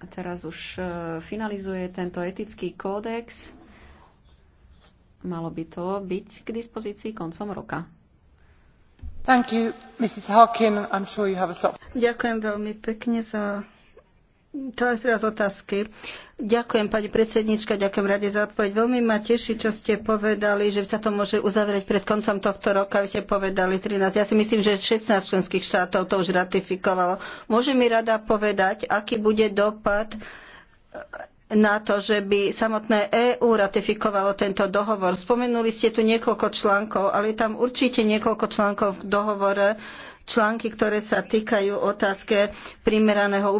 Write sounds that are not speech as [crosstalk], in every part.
A teraz už e, finalizuje tento etický kódex. Malo by to byť k dispozícii koncom roka. You, Harkin, sure a... Ďakujem veľmi pekne za to je teraz otázky. Ďakujem, pani predsednička, ďakujem rade za odpoveď. Veľmi ma teší, čo ste povedali, že sa to môže uzavrieť pred koncom tohto roka. Vy ste povedali 13. Ja si myslím, že 16 členských štátov to už ratifikovalo. Môže mi rada povedať, aký bude dopad na to, že by samotné EÚ ratifikovalo tento dohovor. Spomenuli ste tu niekoľko článkov, ale je tam určite niekoľko článkov v dohovore, články, ktoré sa týkajú otázke primeraného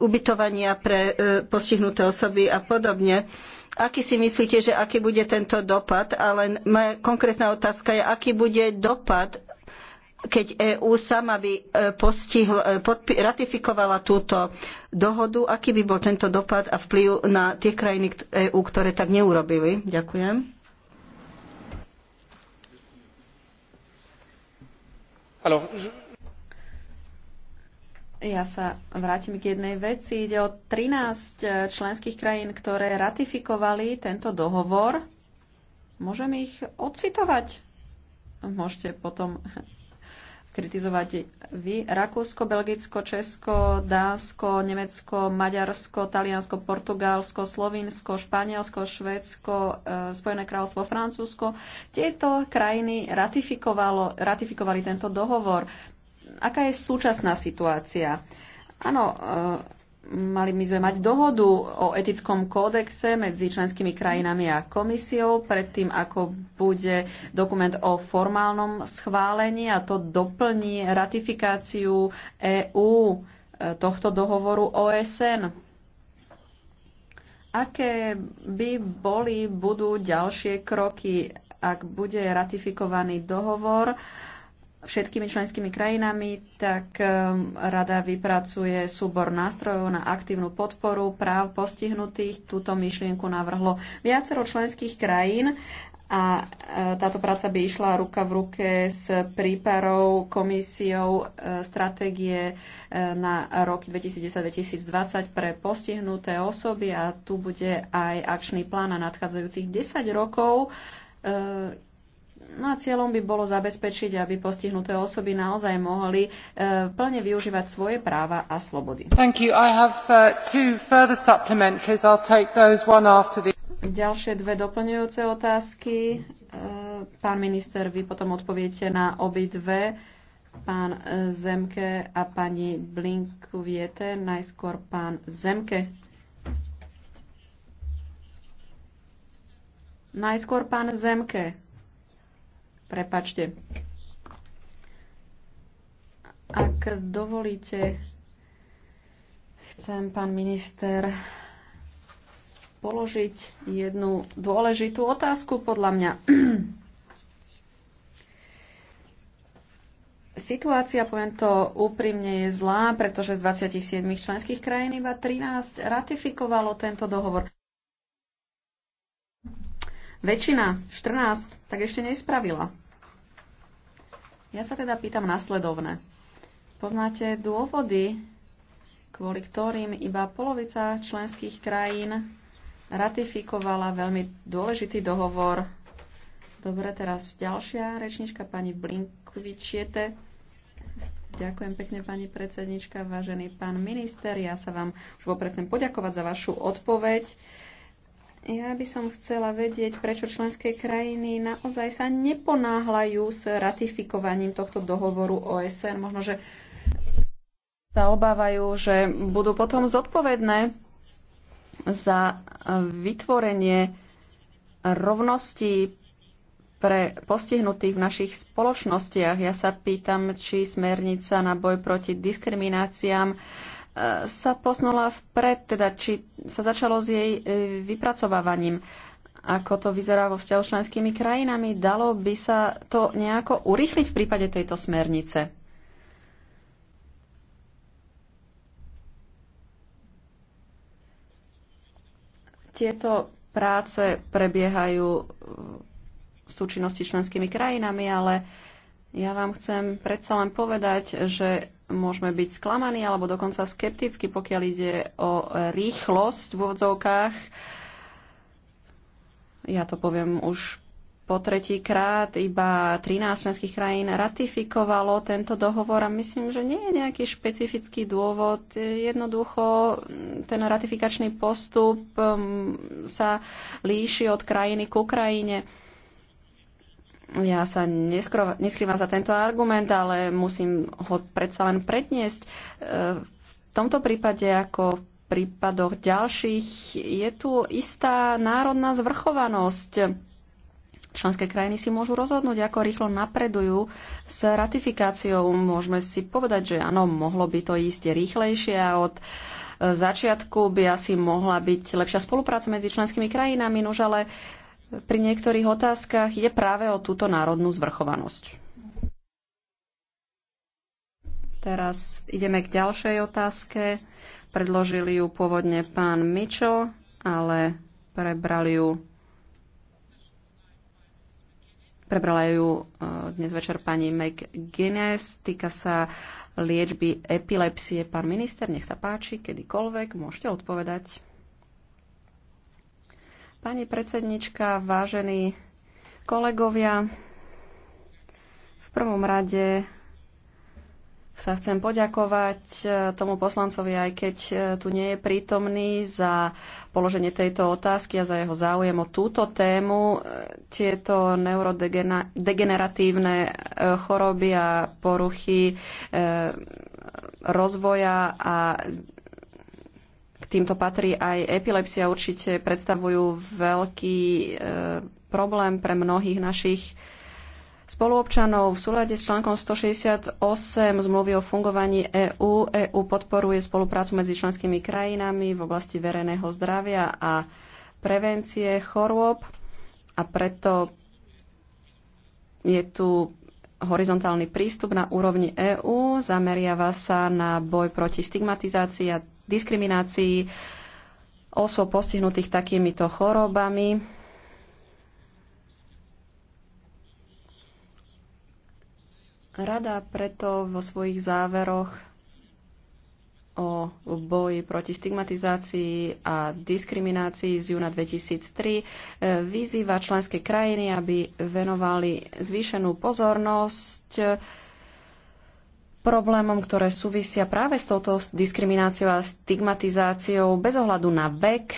ubytovania pre e, postihnuté osoby a podobne. Aký si myslíte, že aký bude tento dopad? Ale moja konkrétna otázka je, aký bude dopad keď EÚ sama by e, postihl, e, ratifikovala túto dohodu, aký by bol tento dopad a vplyv na tie krajiny EÚ, ktoré tak neurobili? Ďakujem. Ja sa vrátim k jednej veci. Ide o 13 e, členských krajín, ktoré ratifikovali tento dohovor. Môžem ich ocitovať. Môžete potom kritizovať vy. Rakúsko, Belgicko, Česko, Dánsko, Nemecko, Maďarsko, Taliansko, Portugalsko, Slovinsko, Španielsko, Švédsko, e, Spojené kráľovstvo, Francúzsko. Tieto krajiny ratifikovalo, ratifikovali tento dohovor. Aká je súčasná situácia? Áno, e, mali by sme mať dohodu o etickom kódexe medzi členskými krajinami a komisiou predtým, ako bude dokument o formálnom schválení a to doplní ratifikáciu EÚ e, tohto dohovoru OSN. Aké by boli, budú ďalšie kroky, ak bude ratifikovaný dohovor? Uh, všetkými členskými krajinami, tak eh, rada vypracuje súbor nástrojov na aktívnu podporu práv postihnutých. Túto myšlienku navrhlo viacero členských krajín a eh, táto práca by išla ruka v ruke s príparou komisiou eh, stratégie na roky 2010-2020 pre postihnuté osoby a tu bude aj akčný plán na nadchádzajúcich 10 rokov No a cieľom by bolo zabezpečiť, aby postihnuté osoby naozaj mohli e, plne využívať svoje práva a slobody. Have, uh, the... Ďalšie dve doplňujúce otázky. E, pán minister, vy potom odpoviete na dve. Pán e, Zemke a pani Blinku viete, Najskôr pán Zemke. Najskôr pán Zemke. Prepačte. Ak dovolíte, chcem, pán minister, položiť jednu dôležitú otázku podľa mňa. [clears throat] Situácia, poviem to úprimne, je zlá, pretože z 27 členských krajín iba 13 ratifikovalo tento dohovor. Väčšina, 14, tak ešte nespravila. Ja sa teda pýtam nasledovne. Poznáte dôvody, kvôli ktorým iba polovica členských krajín ratifikovala veľmi dôležitý dohovor. Dobre, teraz ďalšia rečnička, pani Blinkvičiete. Ďakujem pekne, pani predsednička, vážený pán minister. Ja sa vám už vopred chcem poďakovať za vašu odpoveď. Ja by som chcela vedieť, prečo členské krajiny naozaj sa neponáhľajú s ratifikovaním tohto dohovoru OSN. Možno, že sa obávajú, že budú potom zodpovedné za vytvorenie rovnosti pre postihnutých v našich spoločnostiach. Ja sa pýtam, či smernica na boj proti diskrimináciám sa posnula vpred, teda či sa začalo s jej e, vypracovávaním. Ako to vyzerá vo vzťahu s členskými krajinami? Dalo by sa to nejako urýchliť v prípade tejto smernice? Tieto práce prebiehajú v súčinnosti s členskými krajinami, ale ja vám chcem predsa len povedať, že môžeme byť sklamaní alebo dokonca skeptickí, pokiaľ ide o rýchlosť v úvodzovkách. Ja to poviem už po tretíkrát iba 13 členských krajín ratifikovalo tento dohovor a myslím, že nie je nejaký špecifický dôvod. Jednoducho ten ratifikačný postup um, sa líši od krajiny k krajine. Ja sa neskrývam za tento argument, ale musím ho predsa len predniesť. E, v tomto prípade, ako v prípadoch ďalších, je tu istá národná zvrchovanosť. Členské krajiny si môžu rozhodnúť, ako rýchlo napredujú s ratifikáciou. Môžeme si povedať, že áno, mohlo by to ísť rýchlejšie a od e, začiatku by asi mohla byť lepšia spolupráca medzi členskými krajinami, nož ale pri niektorých otázkach ide práve o túto národnú zvrchovanosť. Teraz ideme k ďalšej otázke. Predložili ju pôvodne pán Mitchell, ale prebrali ju prebrala ju e, dnes večer pani McGuinness. Týka sa liečby epilepsie. Pán minister, nech sa páči, kedykoľvek môžete odpovedať. Pani predsednička, vážení kolegovia, v prvom rade sa chcem poďakovať eh, tomu poslancovi, aj keď eh, tu nie je prítomný, za položenie tejto otázky a za jeho záujem o túto tému. Eh, tieto neurodegeneratívne choroby a poruchy rozvoja a týmto patrí aj epilepsia, určite predstavujú veľký e, problém pre mnohých našich spoluobčanov. V súlade s článkom 168 zmluvy o fungovaní EÚ, EÚ podporuje spoluprácu medzi členskými krajinami v oblasti verejného zdravia a prevencie chorôb a preto je tu horizontálny prístup na úrovni EÚ, zameriava sa na boj proti stigmatizácii a diskriminácii osôb postihnutých takýmito chorobami. Rada preto vo svojich záveroch o boji proti stigmatizácii a diskriminácii z júna 2003 e, vyzýva členské krajiny, aby venovali zvýšenú pozornosť problémom, ktoré súvisia práve s touto diskrimináciou a stigmatizáciou bez ohľadu na vek.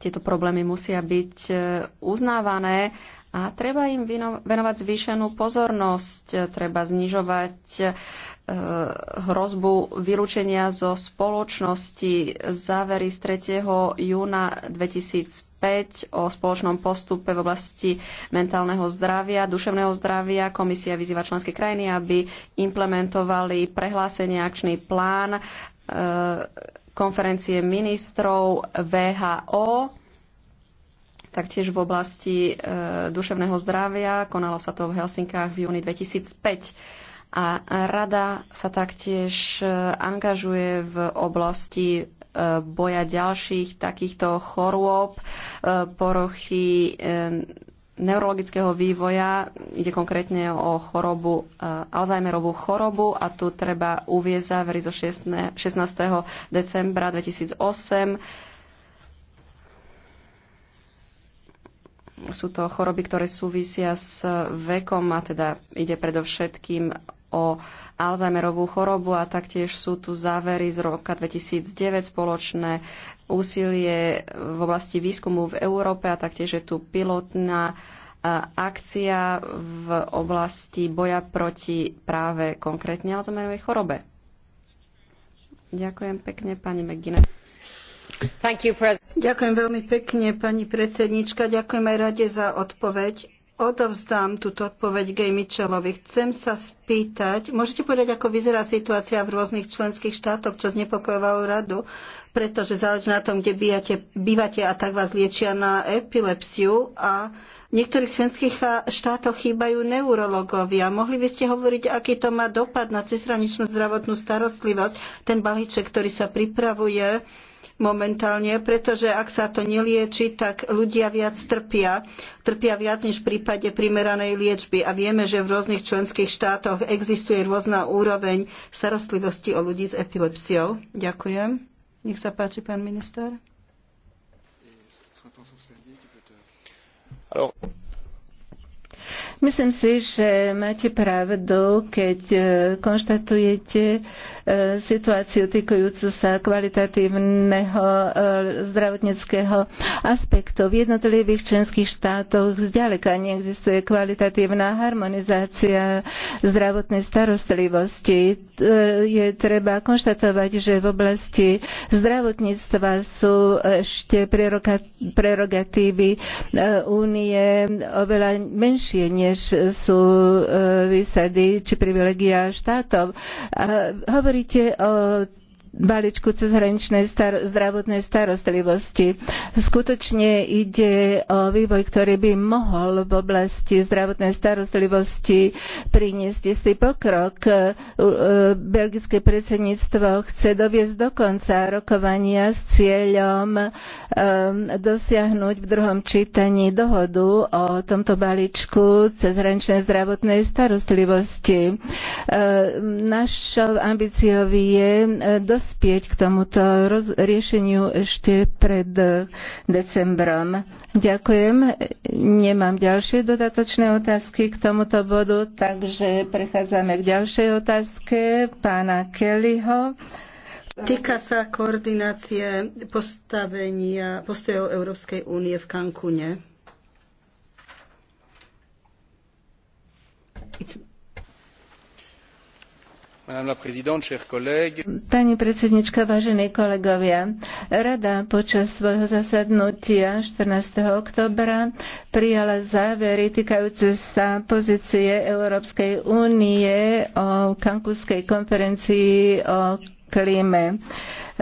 Tieto problémy musia byť e, uznávané a treba im venovať zvýšenú pozornosť, treba znižovať e, hrozbu vylúčenia zo spoločnosti. Závery z 3. júna 2005 o spoločnom postupe v oblasti mentálneho zdravia, duševného zdravia. Komisia vyzýva členské krajiny, aby implementovali prehlásenie akčný plán e, konferencie ministrov VHO taktiež v oblasti e, duševného zdravia. Konalo sa to v Helsinkách v júni 2005 a rada sa taktiež e, angažuje v oblasti e, boja ďalších takýchto chorôb, porochy neurologického vývoja. Ide konkrétne o chorobu, Alzheimerovú chorobu a tu treba uviezať zo 16. decembra 2008 Sú to choroby, ktoré súvisia s vekom a teda ide predovšetkým o Alzheimerovú chorobu a taktiež sú tu závery z roka 2009 spoločné úsilie v oblasti výskumu v Európe a taktiež je tu pilotná akcia v oblasti boja proti práve konkrétne Alzheimerovej chorobe. Ďakujem pekne, pani McGuinness. Ďakujem veľmi pekne, pani Ďakujem aj rade za odpoveď. Odovzdám túto odpoveď Gay Mitchellovi. Chcem sa spýtať, môžete povedať, ako vyzerá situácia v rôznych členských štátoch, čo znepokojovalo radu, pretože záleží na tom, kde bývate, bývate a tak vás liečia na epilepsiu a v niektorých členských štátoch chýbajú neurologovia. Mohli by ste hovoriť, aký to má dopad na cezhraničnú zdravotnú starostlivosť, ten balíček, ktorý sa pripravuje, momentálne, pretože ak sa to nelieči, tak ľudia viac trpia. Trpia viac než v prípade primeranej liečby. A vieme, že v rôznych členských štátoch existuje rôzna úroveň starostlivosti o ľudí s epilepsiou. Ďakujem. Nech sa páči, pán minister. Myslím si, že máte pravdu, keď eh, konštatujete, E, situáciu týkajúcu sa kvalitatívneho e, zdravotníckého aspektu. V jednotlivých členských štátoch zďaleka neexistuje kvalitatívna harmonizácia zdravotnej starostlivosti. E, je treba konštatovať, že v oblasti zdravotníctva sú ešte prerogatívy únie oveľa menšie, než sú výsady či privilegia štátov. A hovorí hovoríte eh, balíčku cezhraničnej star- zdravotnej starostlivosti. Skutočne ide o vývoj, ktorý by mohol v oblasti zdravotnej starostlivosti priniesť istý pokrok. Belgické predsedníctvo chce doviesť do konca rokovania s cieľom um, dosiahnuť v druhom čítaní dohodu o tomto balíčku cezhraničnej zdravotnej starostlivosti. Uh, um, našou ambíciou je uh, dosiahnuť dospieť k tomuto roz- riešeniu ešte pred eh, decembrom. Ďakujem. Nemám ďalšie dodatočné otázky k tomuto bodu, takže prechádzame k ďalšej otázke pána Kellyho. Týka sa koordinácie postavenia postojov Európskej únie v Cancúne. It's Pani predsednička, vážení kolegovia, Rada počas svojho zasadnutia 14. oktobra prijala závery týkajúce sa pozície Európskej únie o Kankuskej konferencii o klíme.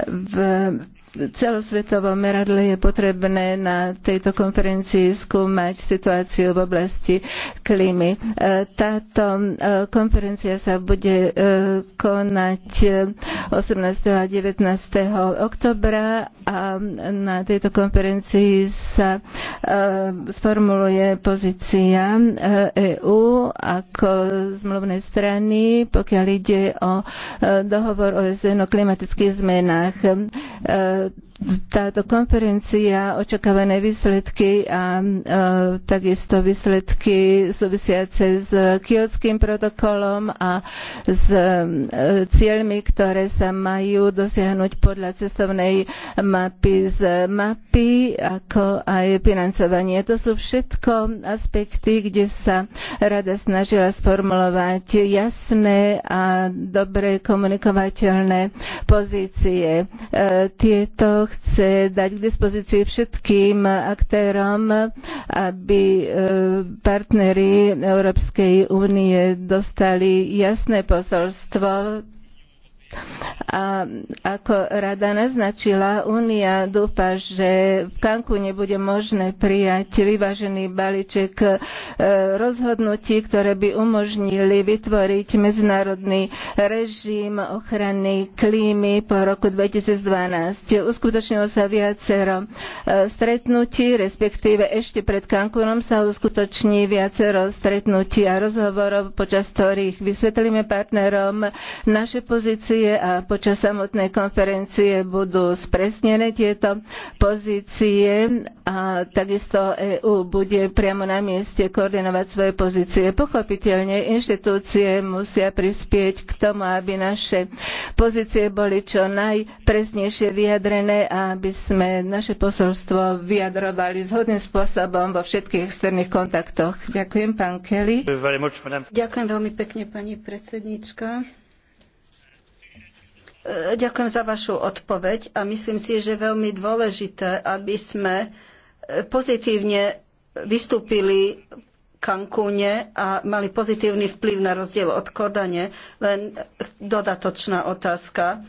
V celosvetovom meradle je potrebné na tejto konferencii skúmať situáciu v oblasti klímy. E, táto e, konferencia sa bude e, konať 18. a 19. oktobra a na tejto konferencii sa sformuluje pozícia EÚ ako zmluvnej strany, pokiaľ ide o dohovor OSN o klimatických zmenách rodinách táto konferencia, očakávané výsledky a e, takisto výsledky súvisiace s kiotským protokolom a s e, cieľmi, ktoré sa majú dosiahnuť podľa cestovnej mapy z mapy, ako aj financovanie. To sú všetko aspekty, kde sa rada snažila sformulovať jasné a dobre komunikovateľné pozície. E, tieto chce dať k dispozícii všetkým aktérom, aby e, partnery Európskej únie dostali jasné posolstvo a ako rada naznačila, Únia dúfa, že v Kanku nebude možné prijať vyvážený balíček e, rozhodnutí, ktoré by umožnili vytvoriť medzinárodný režim ochrany klímy po roku 2012. Uskutočnilo sa viacero e, stretnutí, respektíve ešte pred Kankunom sa uskutoční viacero stretnutí a rozhovorov, počas ktorých vysvetlíme partnerom naše pozície pozície a počas samotnej konferencie budú spresnené tieto pozície a takisto EÚ bude priamo na mieste koordinovať svoje pozície. Pochopiteľne inštitúcie musia prispieť k tomu, aby naše pozície boli čo najpresnejšie vyjadrené a aby sme naše posolstvo vyjadrovali zhodným spôsobom vo všetkých externých kontaktoch. Ďakujem, pán Kelly. Ďakujem veľmi pekne, pani predsednička. E, ďakujem za vašu odpoveď a myslím si, že je veľmi dôležité, aby sme e, pozitívne vystúpili Cancúne a mali pozitívny vplyv na rozdiel od Kodane. Len dodatočná otázka.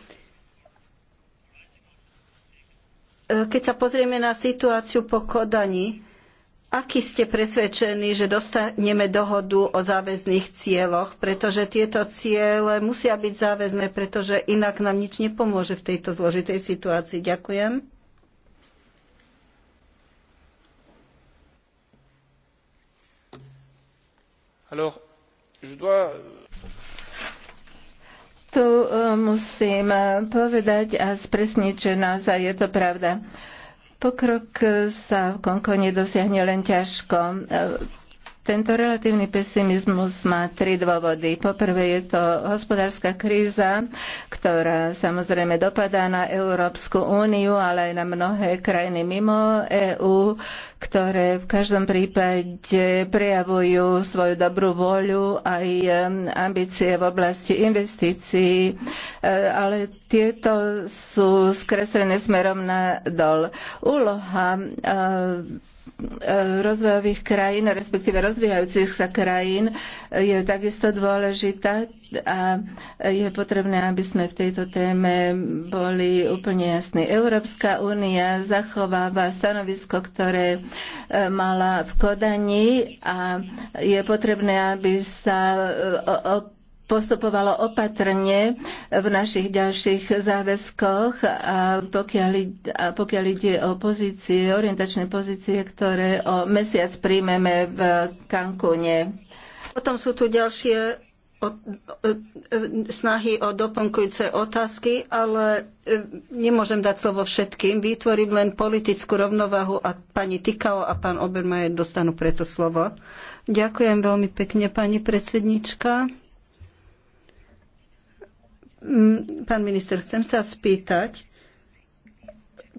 E, keď sa pozrieme na situáciu po Kodani, Aký ste presvedčení, že dostaneme dohodu o záväzných cieľoch, pretože tieto ciele musia byť záväzné, pretože inak nám nič nepomôže v tejto zložitej situácii. Ďakujem. Alors, je dois tu eh, musím eh, povedať a spresniť, že naozaj je to pravda. Pokrok sa v Konkone dosiahne len ťažko. Tento relatívny pesimizmus má tri dôvody. Poprvé je to hospodárska kríza, ktorá samozrejme dopadá na Európsku úniu, ale aj na mnohé krajiny mimo EÚ, ktoré v každom prípade prejavujú svoju dobrú voľu aj e, ambície v oblasti investícií, e, ale tieto sú skreslené smerom na dol. Úloha e, E, rozvojových krajín, respektíve rozvíjajúcich sa krajín je takisto dôležitá a je potrebné, aby sme v tejto téme boli úplne jasní. Európska únia zachováva stanovisko, ktoré e, mala v Kodani a je potrebné, aby sa e, postupovalo opatrne v našich ďalších záväzkoch a pokiaľ, a pokiaľ ide o pozície, orientačné pozície, ktoré o mesiac príjmeme v Cancúne. Potom sú tu ďalšie e, snahy o doplnkujúce otázky, ale e, nemôžem dať slovo všetkým. Vytvorím len politickú rovnovahu a pani Tikao a pán Obermajer dostanú preto slovo. Ďakujem veľmi pekne, pani predsednička. Mm, pán minister, chcem sa spýtať,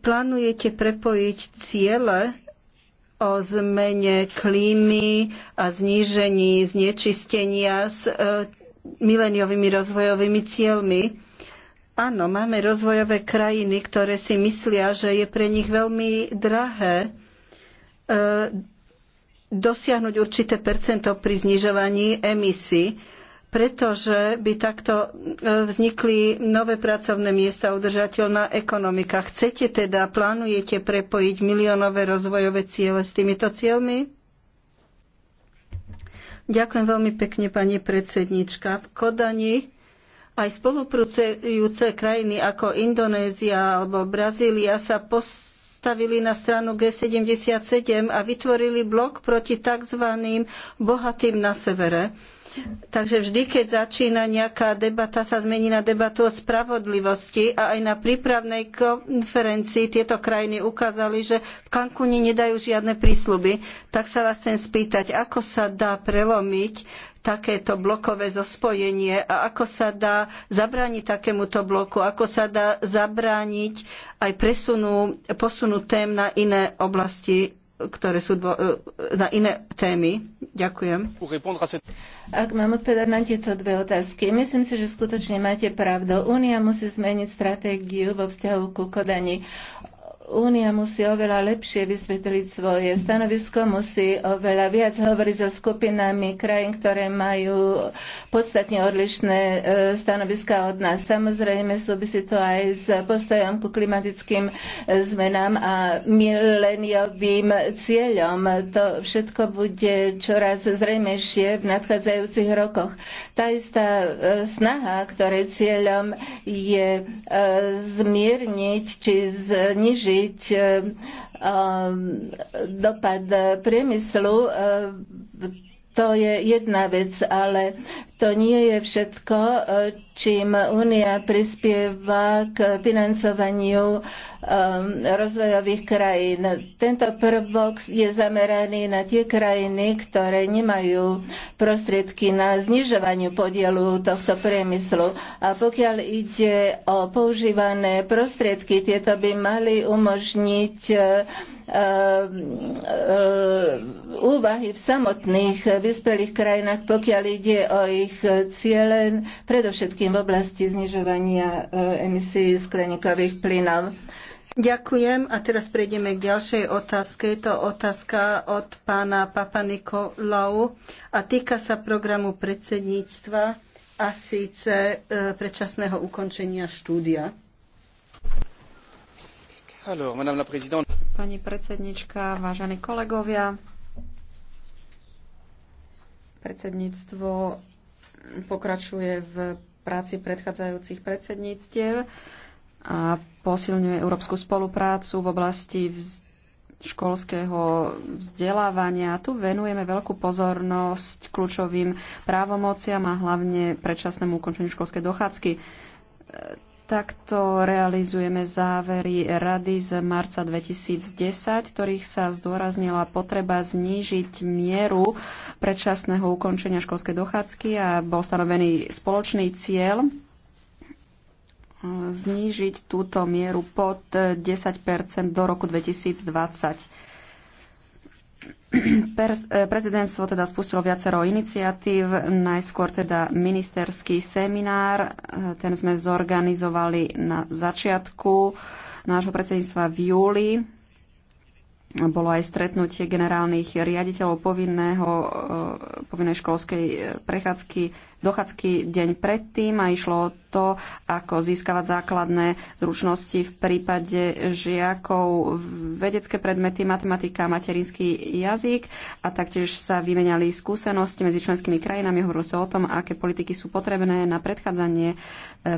plánujete prepojiť ciele o zmene klímy a znížení znečistenia s e, mileniovými rozvojovými cieľmi. Áno, máme rozvojové krajiny, ktoré si myslia, že je pre nich veľmi drahé e, dosiahnuť určité percento pri znižovaní emisí pretože by takto e, vznikli nové pracovné miesta, udržateľná ekonomika. Chcete teda, plánujete prepojiť miliónové rozvojové ciele s týmito cieľmi? Ďakujem veľmi pekne, pani predsednička. V Kodani aj spolupracujúce krajiny ako Indonézia alebo Brazília sa postavili na stranu G77 a vytvorili blok proti tzv. bohatým na severe. Takže vždy, keď začína nejaká debata, sa zmení na debatu o spravodlivosti a aj na prípravnej konferencii tieto krajiny ukázali, že v Cancúne nedajú žiadne prísľuby. Tak sa vás chcem spýtať, ako sa dá prelomiť takéto blokové zospojenie a ako sa dá zabrániť takémuto bloku, ako sa dá zabrániť aj presunu, posunu tém na iné oblasti ktoré sú dvo- e, na iné témy. Ďakujem. Ak mám odpovedať na tieto dve otázky, myslím si, že skutočne máte pravdu. Únia musí zmeniť stratégiu vo vzťahu ku Kodani. Únia musí oveľa lepšie vysvetliť svoje stanovisko, musí oveľa viac hovoriť so skupinami krajín, ktoré majú podstatne odlišné e, stanoviska od nás. Samozrejme súvisí to aj s postojom ku klimatickým e, zmenám a mileniovým cieľom. To všetko bude čoraz zrejmejšie v nadchádzajúcich rokoch. Tá istá e, snaha, ktorej cieľom je zmierniť či znižiť znížiť eh, eh, dopad priemyslu. Eh, to je jedna vec, ale to nie je všetko, e, čím Únia prispieva k financovaniu e, rozvojových krajín. Tento prvok je zameraný na tie krajiny, ktoré nemajú prostriedky na znižovaniu podielu tohto priemyslu. A pokiaľ ide o používané prostriedky, tieto by mali umožniť e, úvahy v samotných vyspelých krajinách, pokiaľ ide o ich ich e, ciele, predovšetkým v oblasti znižovania e, emisí skleníkových plynov. Ďakujem a teraz prejdeme k ďalšej otázke. Je to otázka od pána Papa a týka sa programu predsedníctva a síce e, predčasného ukončenia štúdia. Pani predsednička, vážení kolegovia, predsedníctvo pokračuje v práci predchádzajúcich predsedníctiev a posilňuje európsku spoluprácu v oblasti vz- školského vzdelávania. Tu venujeme veľkú pozornosť kľúčovým právomociam a hlavne predčasnému ukončeniu školskej dochádzky Takto realizujeme závery Rady z marca 2010, ktorých sa zdôraznila potreba znížiť mieru predčasného ukončenia školskej dochádzky a bol stanovený spoločný cieľ znížiť túto mieru pod 10 do roku 2020. Eh, prezidentstvo teda spustilo viacero iniciatív, najskôr teda ministerský seminár, eh, ten sme zorganizovali na začiatku nášho predsedníctva v júli. Bolo aj stretnutie generálnych riaditeľov povinného, eh, povinnej školskej prechádzky, dochádzky deň predtým a išlo o to, ako získavať základné zručnosti v prípade žiakov vedecké predmety, matematika, materinský jazyk a taktiež sa vymenali skúsenosti medzi členskými krajinami. Hovorilo sa o tom, aké politiky sú potrebné na predchádzanie e,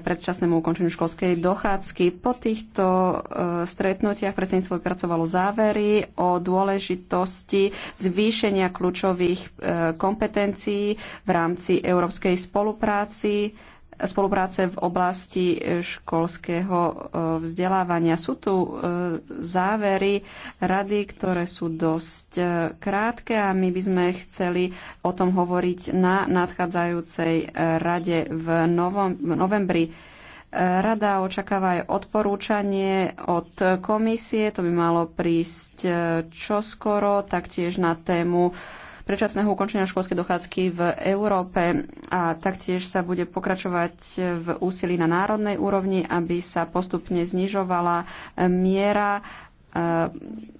predčasnému ukončeniu školskej dochádzky. Po týchto e, stretnutiach predsedníctvo vypracovalo závery o dôležitosti zvýšenia kľúčových e, kompetencií v rámci európskej spolupráci spolupráce v oblasti eh, školského eh, vzdelávania. Sú tu eh, závery rady, ktoré sú dosť krátke a my by sme chceli o tom hovoriť na nadchádzajúcej rade v novembri. Rada očakáva aj odporúčanie od komisie, to by malo prísť čoskoro, taktiež na tému predčasného ukončenia školskej dochádzky v Európe a taktiež sa bude pokračovať v úsilí na národnej úrovni, aby sa postupne znižovala eh, miera eh,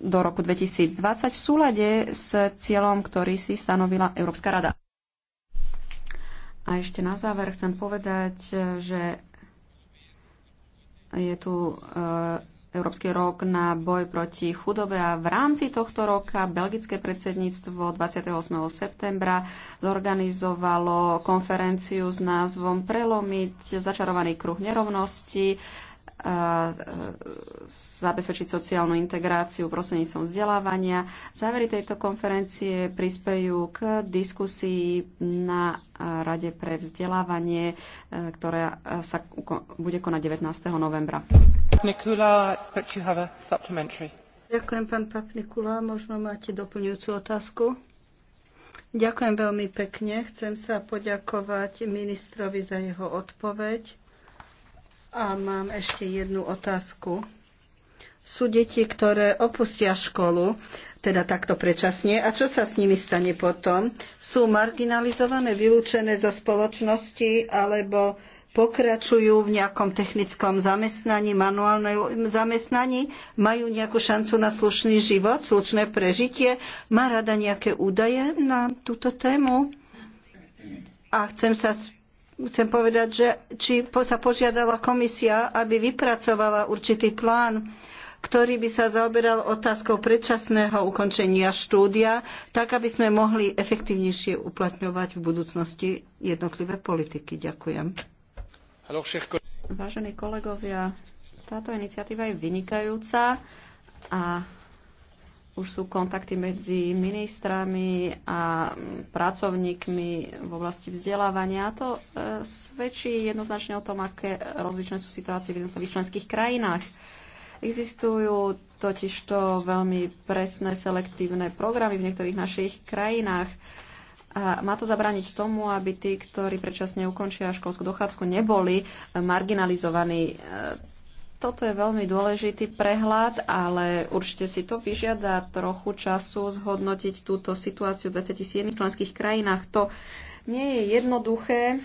do roku 2020 v súlade s cieľom, ktorý si stanovila Európska rada. A ešte na záver chcem povedať, eh, že je tu Európsky rok na boj proti chudobe a v rámci tohto roka belgické predsedníctvo 28. septembra zorganizovalo konferenciu s názvom Prelomiť začarovaný kruh nerovnosti E, zabezpečiť sociálnu integráciu prostredníctvom vzdelávania. Závery tejto konferencie prispejú k diskusii na Rade pre vzdelávanie, e, ktorá sa bude konať 19. novembra. Nikula, Ďakujem, pán Papnikula. Možno máte doplňujúcu otázku? Ďakujem veľmi pekne. Chcem sa poďakovať ministrovi za jeho odpoveď. A mám ešte jednu otázku. Sú deti, ktoré opustia školu, teda takto predčasne, a čo sa s nimi stane potom? Sú marginalizované, vylúčené zo spoločnosti, alebo pokračujú v nejakom technickom zamestnaní, manuálnom zamestnaní, majú nejakú šancu na slušný život, slušné prežitie. Má rada nejaké údaje na túto tému? A chcem sa chcem povedať, že či sa požiadala komisia, aby vypracovala určitý plán, ktorý by sa zaoberal otázkou predčasného ukončenia štúdia, tak aby sme mohli efektívnejšie uplatňovať v budúcnosti jednotlivé politiky. Ďakujem. Vážení kolegovia, táto iniciatíva je vynikajúca a už sú kontakty medzi ministrami a pracovníkmi v oblasti vzdelávania. A to e, svedčí jednoznačne o tom, aké rozličné sú situácie v jednotlivých členských krajinách. Existujú totižto veľmi presné selektívne programy v niektorých našich krajinách. A má to zabrániť tomu, aby tí, ktorí predčasne ukončia školskú dochádzku, neboli marginalizovaní. E, toto je veľmi dôležitý prehľad, ale určite si to vyžiada trochu času zhodnotiť túto situáciu v 27 členských krajinách. To nie je jednoduché.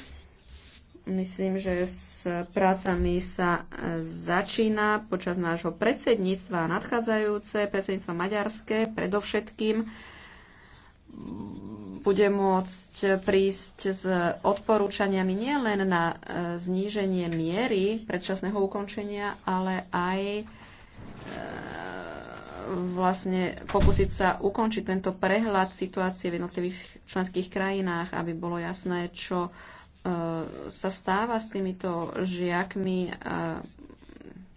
Myslím, že s prácami sa e, začína počas nášho predsedníctva nadchádzajúce, predsedníctva maďarské predovšetkým bude môcť prísť s odporúčaniami nielen na e, zníženie miery predčasného ukončenia, ale aj e, vlastne pokúsiť sa ukončiť tento prehľad situácie v jednotlivých členských krajinách, aby bolo jasné, čo e, sa stáva s týmito žiakmi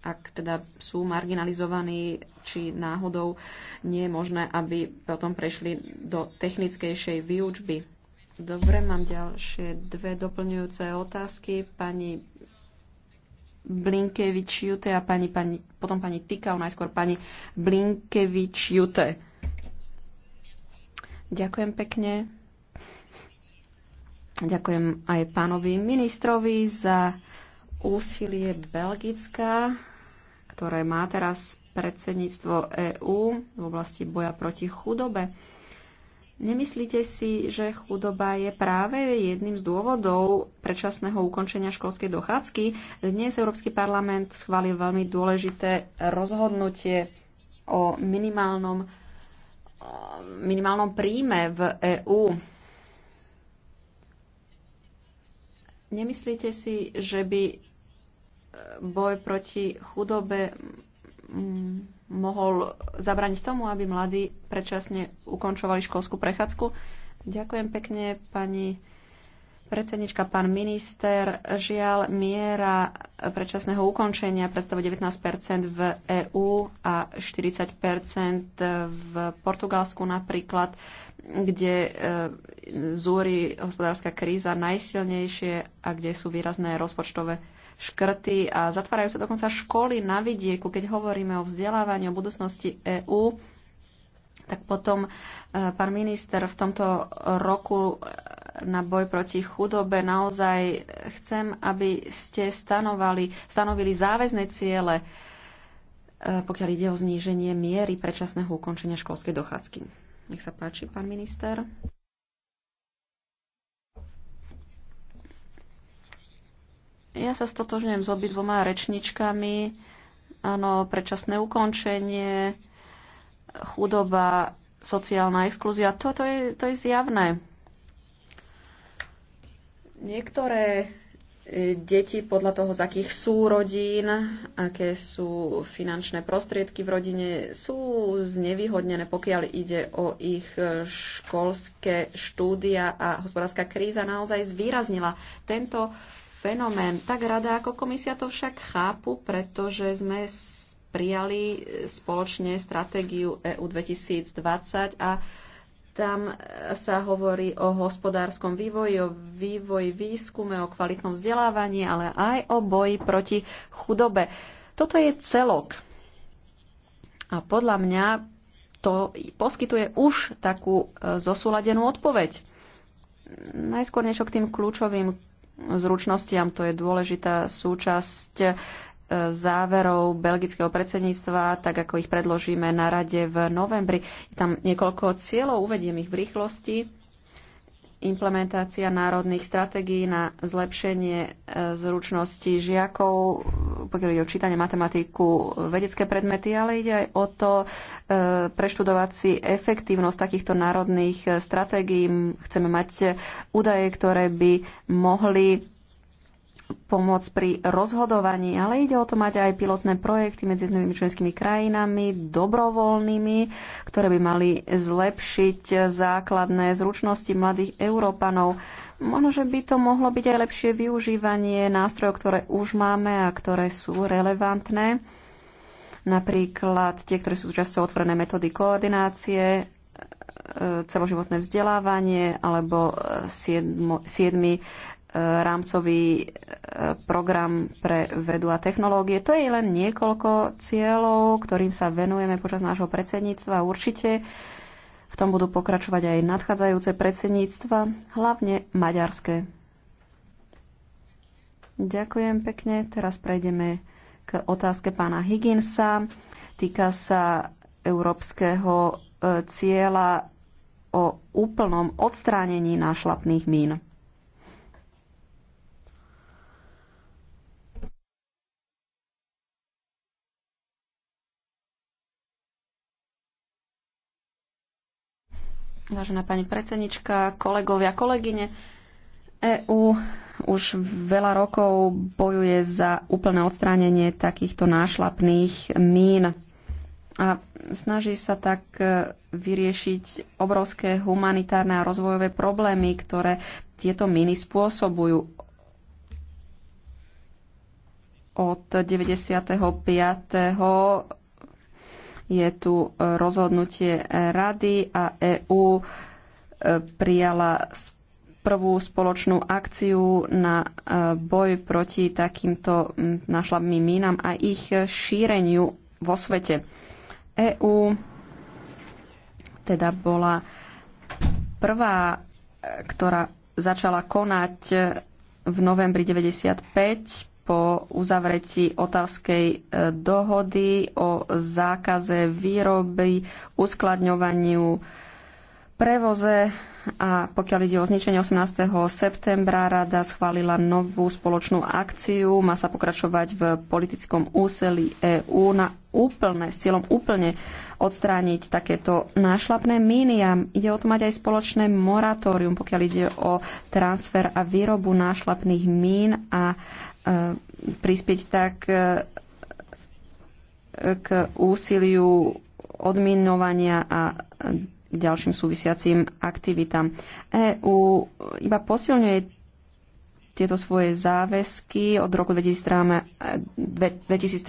ak teda sú marginalizovaní, či náhodou nie je možné, aby potom prešli do technickejšej výučby. Dobre, mám ďalšie dve doplňujúce otázky. Pani Blinkevič Jute a pani, pani, potom pani Tikau, najskôr pani Blinkevič Jute. Ďakujem pekne. Ďakujem aj pánovi ministrovi za úsilie Belgická ktoré má teraz predsedníctvo EÚ v oblasti boja proti chudobe. Nemyslíte si, že chudoba je práve jedným z dôvodov predčasného ukončenia školskej dochádzky? Dnes Európsky parlament schválil veľmi dôležité rozhodnutie o minimálnom, minimálnom príjme v EÚ. Nemyslíte si, že by boj proti chudobe mm, mohol zabraniť tomu, aby mladí predčasne ukončovali školskú prechádzku. Ďakujem pekne, pani predsednička, pán minister. Žiaľ, miera predčasného ukončenia predstavuje 19 v EÚ a 40 v Portugalsku napríklad, kde e, zúri hospodárska kríza najsilnejšie a kde sú výrazné rozpočtové škrty a zatvárajú sa dokonca školy na vidieku. Keď hovoríme o vzdelávaní, o budúcnosti EÚ, tak potom e, pán minister v tomto roku na boj proti chudobe naozaj chcem, aby ste stanovali, stanovili záväzne ciele, e, pokiaľ ide o zníženie miery predčasného ukončenia školskej dochádzky. Nech sa páči, pán minister. Ja sa stotožňujem s obidvoma rečničkami. Áno, predčasné ukončenie, chudoba, sociálna exklúzia, to, to, je, to je zjavné. Niektoré e, deti podľa toho, z akých sú rodín, aké sú finančné prostriedky v rodine, sú znevýhodnené, pokiaľ ide o ich školské štúdia a hospodárska kríza naozaj zvýraznila tento fenomén. Tak rada ako komisia to však chápu, pretože sme prijali e, spoločne stratégiu EU 2020 a tam e, sa hovorí o hospodárskom vývoji, o vývoji výskume, o kvalitnom vzdelávaní, ale aj o boji proti chudobe. Toto je celok. A podľa mňa to poskytuje už takú e, zosúladenú odpoveď. Najskôr niečo k tým kľúčovým zručnostiam. To je dôležitá súčasť e, záverov belgického predsedníctva, tak ako ich predložíme na rade v novembri. Je tam niekoľko cieľov, uvediem ich v rýchlosti implementácia národných stratégií na zlepšenie e, zručnosti žiakov, pokiaľ ide o čítanie matematiku, vedecké predmety, ale ide aj o to e, preštudovať si efektívnosť takýchto národných e, stratégií. Chceme mať údaje, ktoré by mohli pomôcť pri rozhodovaní, ale ide o to mať aj pilotné projekty medzi jednými členskými krajinami, dobrovoľnými, ktoré by mali zlepšiť základné zručnosti mladých Európanov. Možno, že by to mohlo byť aj lepšie využívanie nástrojov, ktoré už máme a ktoré sú relevantné. Napríklad tie, ktoré sú súčasťou otvorené metódy koordinácie, e, celoživotné vzdelávanie alebo e, siedmi e, rámcový program pre vedu a technológie. To je len niekoľko cieľov, ktorým sa venujeme počas nášho predsedníctva. Určite v tom budú pokračovať aj nadchádzajúce predsedníctva, hlavne maďarské. Ďakujem pekne. Teraz prejdeme k otázke pána Higginsa. Týka sa európskeho e, cieľa o úplnom odstránení nášlapných mín. Vážená pani predsednička, kolegovia, kolegyne, EÚ už veľa rokov bojuje za úplné odstránenie takýchto nášlapných mín a snaží sa tak e, vyriešiť obrovské humanitárne a rozvojové problémy, ktoré tieto míny spôsobujú. Od 95. Je tu e, rozhodnutie Rady a EÚ e, prijala prvú spoločnú akciu na e, boj proti takýmto našlapným mínam a ich šíreniu vo svete. EÚ teda bola prvá, ktorá začala konať v novembri 95 po uzavretí otázkej e, dohody o zákaze výroby, uskladňovaniu, prevoze a pokiaľ ide o zničenie 18. septembra, rada schválila novú spoločnú akciu. Má sa pokračovať v politickom úsilí EÚ na úplne, s cieľom úplne odstrániť takéto nášlapné míny. A ide o to mať aj spoločné moratórium, pokiaľ ide o transfer a výrobu nášlapných mín a E, prispieť tak e, k úsiliu odminovania a k ďalším súvisiacím aktivitám. EÚ iba posilňuje tieto svoje záväzky. Od roku 2003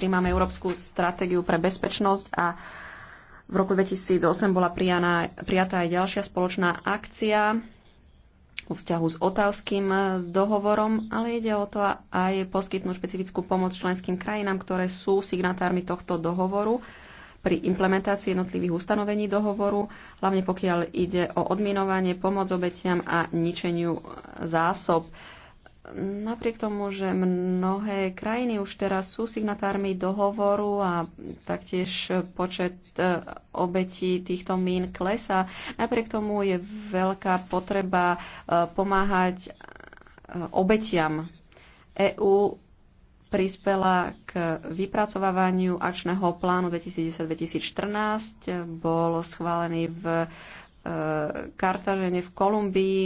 máme Európsku stratégiu pre bezpečnosť a v roku 2008 bola prijatá aj ďalšia spoločná akcia vo vzťahu s otávským e, dohovorom, ale ide o to aj poskytnúť špecifickú pomoc členským krajinám, ktoré sú signatármi tohto dohovoru pri implementácii jednotlivých ustanovení dohovoru, hlavne pokiaľ ide o odminovanie, pomoc obetiam a ničeniu e, zásob. Napriek tomu, že mnohé krajiny už teraz sú signatármi dohovoru a taktiež počet e, obetí týchto mín klesa. napriek tomu je veľká potreba e, pomáhať e, obetiam. EÚ prispela k vypracovávaniu akčného plánu 2010-2014. Bol schválený v Kartažene v Kolumbii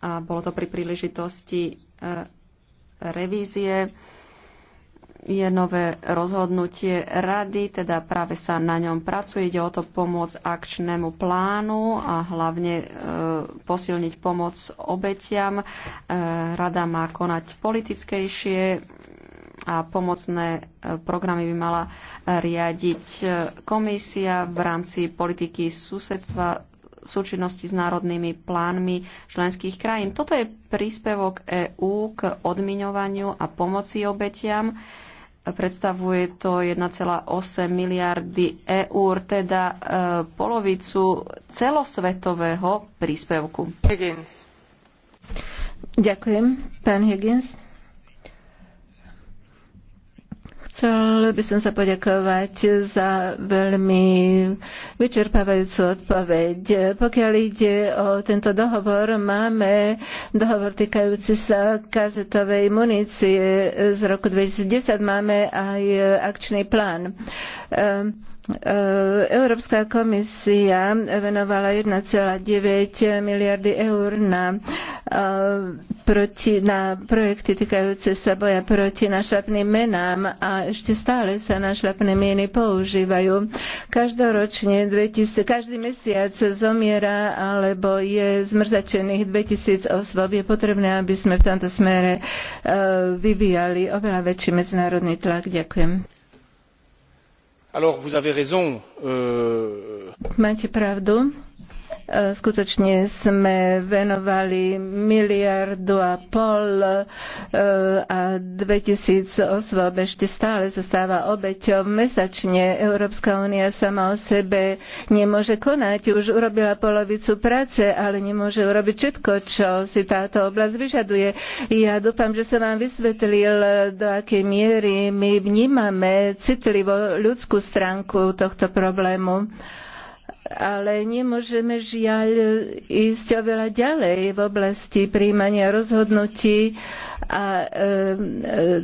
a bolo to pri príležitosti E, revízie je nové rozhodnutie rady, teda práve sa na ňom pracuje. Ide o to pomôcť akčnému plánu a hlavne e, posilniť pomoc obetiam. E, rada má konať politickejšie a pomocné e, programy by mala riadiť e, komisia v rámci politiky susedstva súčinnosti s národnými plánmi členských krajín. Toto je príspevok EÚ k odmiňovaniu a pomoci obetiam. Predstavuje to 1,8 miliardy eur, teda e, polovicu celosvetového príspevku. Higgins. Ďakujem, pán Higgins. Chcel by som sa poďakovať za veľmi vyčerpávajúcu odpoveď. Pokiaľ ide o tento dohovor, máme dohovor týkajúci sa kazetovej munície z roku 2010. Máme aj akčný plán Európska komisia venovala 1,9 miliardy eur na, eh, proti, na projekty týkajúce sa boja proti našlapným menám a ešte stále sa našlapné mieny používajú. Každoročne 2000, každý mesiac zomiera alebo je zmrzačených 2000 osôb. Je potrebné, aby sme v tomto smere eh, vyvíjali oveľa väčší medzinárodný tlak. Ďakujem. Alors, vous avez raison. Euh, E, skutočne sme venovali miliardu a pol e, a 2000 osôb ešte stále zostáva obeťou. Mesačne Európska únia sama o sebe nemôže konať. Už urobila polovicu práce, ale nemôže urobiť všetko, čo si táto oblasť vyžaduje. Ja dúfam, že som vám vysvetlil, do akej miery my vnímame citlivo ľudskú stránku tohto problému ale nemôžeme žiaľ ísť oveľa ďalej v oblasti príjmania rozhodnutí a e, e,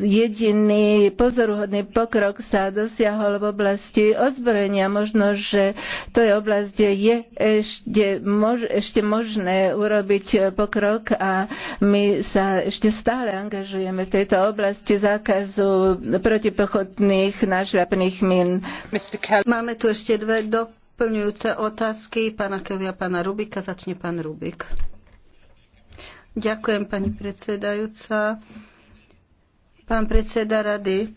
jediný pozoruhodný pokrok sa dosiahol v oblasti odzbrojenia. Možno, že to je oblasť, kde je ešte, mož, ešte možné urobiť pokrok a my sa ešte stále angažujeme v tejto oblasti zákazu protipochodných nášľapných min. Máme tu ešte dve do Doplňujúce otázky pána Kelia, pána Rubika. Začne pán Rubik. Ďakujem, pani predsedajúca. Pán predseda rady,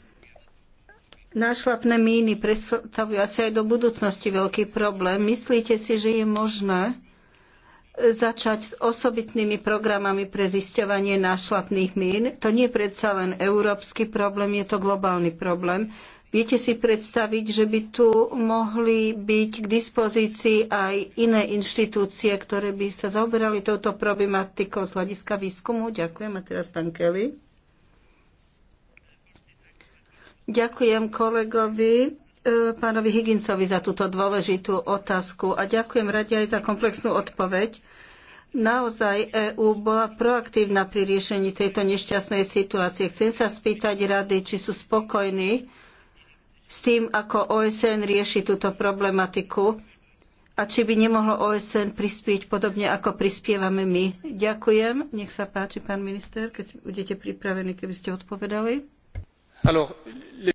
nášlapné míny predstavujú asi aj do budúcnosti veľký problém. Myslíte si, že je možné začať s osobitnými programami pre zisťovanie nášlapných mín? To nie je predsa len európsky problém, je to globálny problém. Viete si predstaviť, že by tu mohli byť k dispozícii aj iné inštitúcie, ktoré by sa zaoberali touto problematikou z hľadiska výskumu? Ďakujem. A teraz pán Kelly. Ďakujem kolegovi e, pánovi Higginsovi za túto dôležitú otázku a ďakujem radi aj za komplexnú odpoveď. Naozaj EÚ bola proaktívna pri riešení tejto nešťastnej situácie. Chcem sa spýtať rady, či sú spokojní s tým, ako OSN rieši túto problematiku a či by nemohlo OSN prispieť podobne, ako prispievame my. Ďakujem. Nech sa páči, pán minister, keď budete pripravení, keby ste odpovedali. Alors, le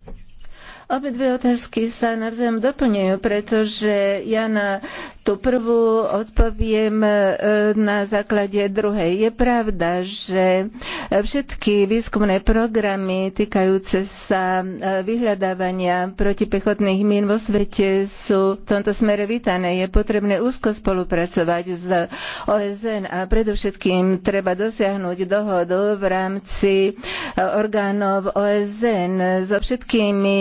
dve otázky sa navzájom doplňujú, pretože ja na tú prvú odpoviem e, na základe druhej. Je pravda, že všetky výskumné programy týkajúce sa e, vyhľadávania protipechotných mín vo svete sú v tomto smere vítané. Je potrebné úzko spolupracovať s OSN a predovšetkým treba dosiahnuť dohodu v rámci e, orgánov OSN so všetkými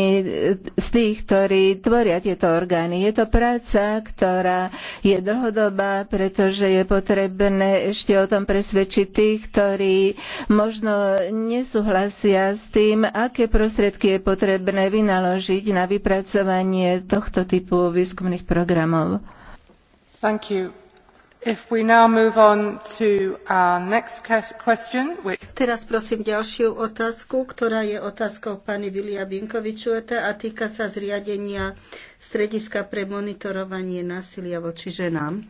z tých, ktorí tvoria tieto orgány. Je to práca, ktorá je dlhodobá, pretože je potrebné ešte o tom presvedčiť tých, ktorí možno nesúhlasia s tým, aké prostriedky je potrebné vynaložiť na vypracovanie tohto typu výskumných programov. Thank you. Teraz prosím ďalšiu otázku, ktorá je otázkou pani Vilia Binkovičueta a týka sa zriadenia strediska pre monitorovanie násilia voči ženám.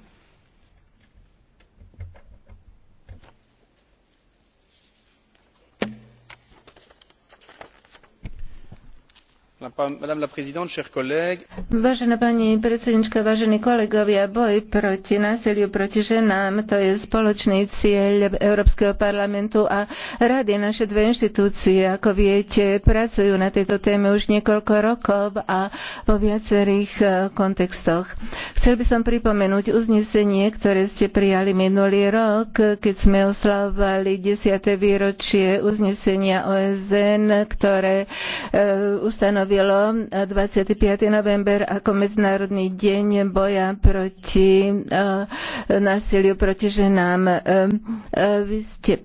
Vážená pani predsednička, vážení kolegovia, boj proti násiliu proti ženám, to je spoločný cieľ Európskeho parlamentu a rady naše dve inštitúcie, ako viete, pracujú na tejto téme už niekoľko rokov a vo viacerých eh, kontextoch. Chcel by som pripomenúť uznesenie, ktoré ste prijali minulý rok, keď sme oslavovali 10. výročie uznesenia OSN, ktoré eh, ustanovilo stanovilo 25. Eh, november ako Medzinárodný deň boja proti eh, násiliu proti ženám. Eh, vy ste,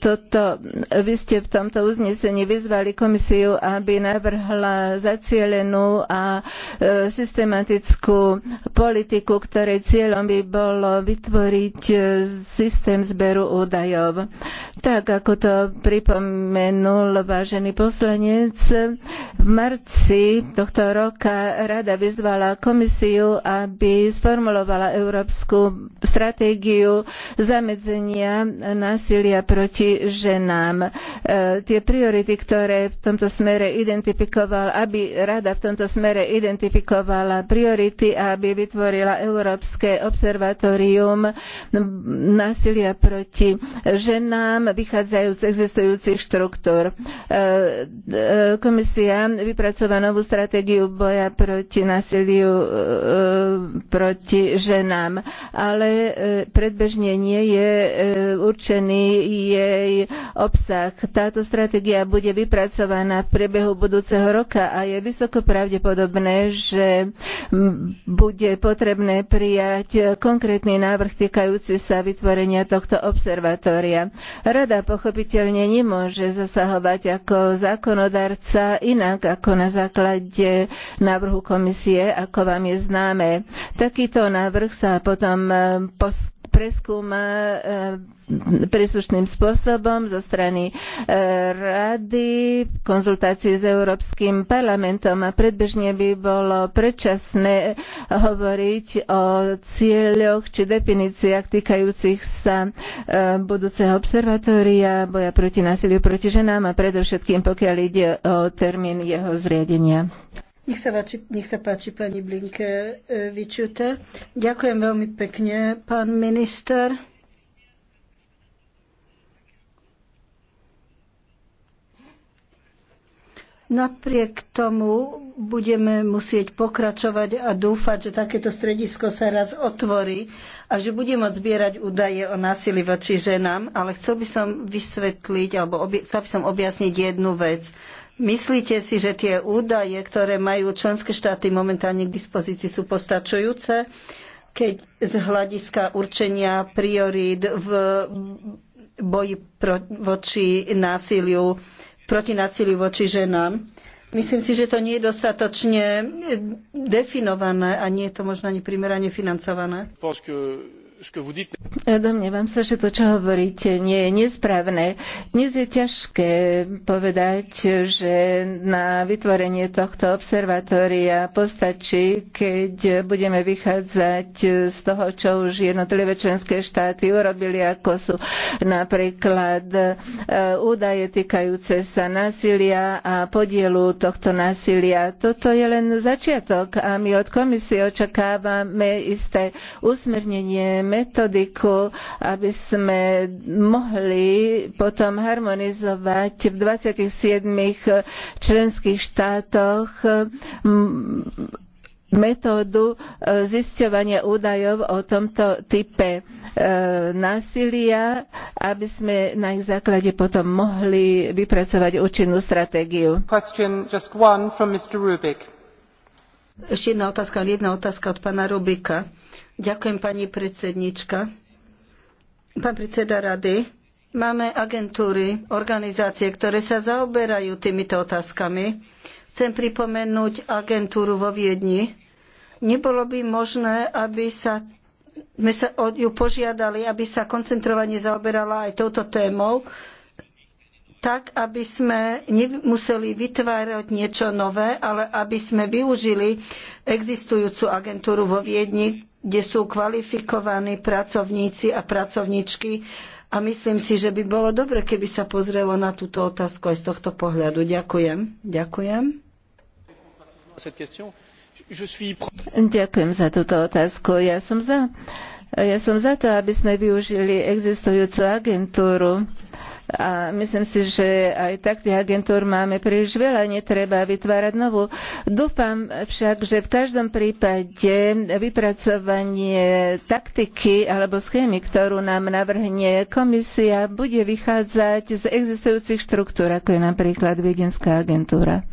toto, vy ste v tomto uznesení vyzvali komisiu, aby navrhla zacielenú a systematickú politiku, ktorej cieľom by bolo vytvoriť systém zberu údajov. Tak, ako to pripomenul vážený poslanec, v marci marci tohto roka rada vyzvala komisiu, aby sformulovala európsku stratégiu zamedzenia násilia proti ženám. E, tie priority, ktoré v tomto smere identifikoval, aby rada v tomto smere identifikovala priority a aby vytvorila Európske observatórium násilia proti ženám vychádzajúc z existujúcich štruktúr. E, e, komisia vypracovala vypracovať novú stratégiu boja proti násiliu e, e, proti ženám, ale e, predbežne nie je určený jej obsah. Táto stratégia bude vypracovaná v priebehu budúceho roka a je vysoko pravdepodobné, že bude potrebné prijať konkrétny návrh týkajúci sa vytvorenia tohto observatória. Rada pochopiteľne nemôže zasahovať ako zákonodarca inak ako na základe návrhu komisie, ako vám je známe. Takýto návrh sa potom eh, pos- preskúma eh, príslušným spôsobom zo strany eh, rady v konzultácii s Európskym parlamentom a predbežne by bolo predčasné hovoriť o cieľoch či definíciách týkajúcich sa eh, budúceho observatória boja proti násiliu proti ženám a predovšetkým pokiaľ ide o termín jeho zriadenia. Nech sa, váči, nech sa páči pani Blinke e, Vyčute. Ďakujem veľmi pekne, pán minister. Napriek tomu budeme musieť pokračovať a dúfať, že takéto stredisko sa raz otvorí a že bude môcť zbierať údaje o násilí voči ženám, ale chcel by som vysvetliť, alebo obje, chcel by som objasniť jednu vec. Myslíte si, že tie údaje, ktoré majú členské štáty momentálne k dispozícii, sú postačujúce, keď z hľadiska určenia priorít v boji pro, voči násiliu, proti násiliu voči ženám? Myslím si, že to nie je dostatočne definované a nie je to možno ani primerane financované. Domnievam sa, že to, čo hovoríte, nie je nesprávne. Dnes je ťažké povedať, že na vytvorenie tohto observatória postačí, keď budeme vychádzať z toho, čo už jednotlivé členské štáty urobili, ako sú napríklad e, údaje týkajúce sa násilia a podielu tohto násilia. Toto je len začiatok a my od komisie očakávame isté usmernenie metodiku, aby sme mohli potom harmonizovať v 27 členských štátoch mm, metódu e, zisťovania údajov o tomto type e, násilia, aby sme na ich základe potom mohli vypracovať účinnú stratégiu. Question, ešte jedna otázka, jedna otázka od pána Rubika. Ďakujem, pani predsednička. Pán predseda rady, máme agentúry, organizácie, ktoré sa zaoberajú týmito otázkami. Chcem pripomenúť agentúru vo Viedni. Nebolo by možné, aby sa sme sa ju požiadali, aby sa koncentrovanie zaoberala aj touto témou, tak, aby sme nemuseli vytvárať niečo nové, ale aby sme využili existujúcu agentúru vo Viedni, kde sú kvalifikovaní pracovníci a pracovníčky. A myslím si, že by bolo dobre, keby sa pozrelo na túto otázku aj z tohto pohľadu. Ďakujem. Ďakujem. Ďakujem za túto otázku. Ja som za, ja som za to, aby sme využili existujúcu agentúru a myslím si, že aj tak tých agentúr máme príliš veľa, netreba vytvárať novú. Dúfam však, že v každom prípade vypracovanie taktiky alebo schémy, ktorú nám navrhne komisia, bude vychádzať z existujúcich štruktúr, ako je napríklad Viedenská agentúra.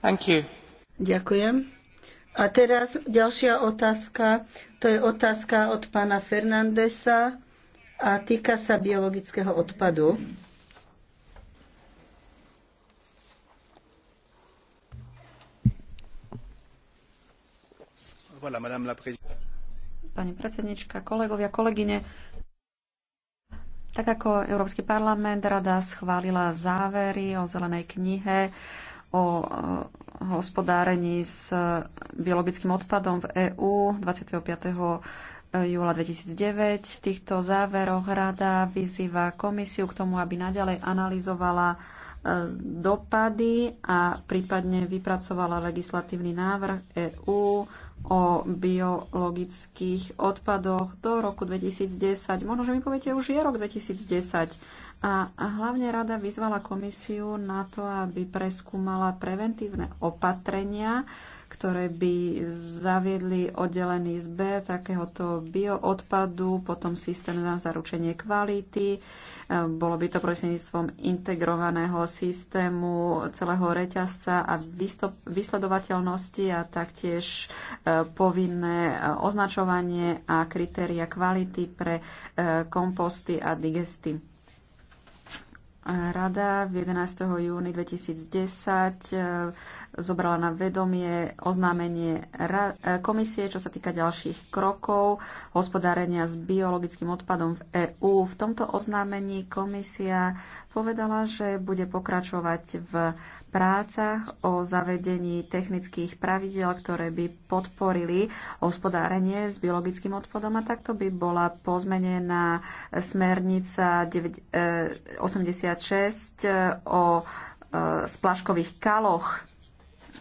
Thank you. Ďakujem. A teraz ďalšia otázka. To je otázka od pána Fernandesa a týka sa biologického odpadu. Pani predsednička, kolegovia, kolegyne, tak ako Európsky parlament, Rada schválila závery o zelenej knihe o eh, hospodárení s biologickým odpadom v EÚ 25 júla 2009. V týchto záveroch rada vyzýva komisiu k tomu, aby naďalej analyzovala e, dopady a prípadne vypracovala legislatívny návrh EÚ o biologických odpadoch do roku 2010. Možno, že mi poviete, už je rok 2010. A hlavne rada vyzvala komisiu na to, aby preskúmala preventívne opatrenia, ktoré by zaviedli oddelený zber takéhoto bioodpadu, potom systém na zaručenie kvality. E, bolo by to prostredníctvom integrovaného systému celého reťazca a vysledovateľnosti a taktiež e, povinné e, označovanie a kritéria kvality pre komposty a digesty. Rada v 11. júni 2010 eh, zobrala na vedomie oznámenie eh, komisie, čo sa týka ďalších krokov hospodárenia s biologickým odpadom v EÚ. V tomto oznámení komisia povedala, že bude pokračovať v prácach o zavedení technických pravidel, ktoré by podporili hospodárenie s biologickým odpadom a takto by bola pozmenená smernica 86 eh, eh, o eh, splaškových kaloch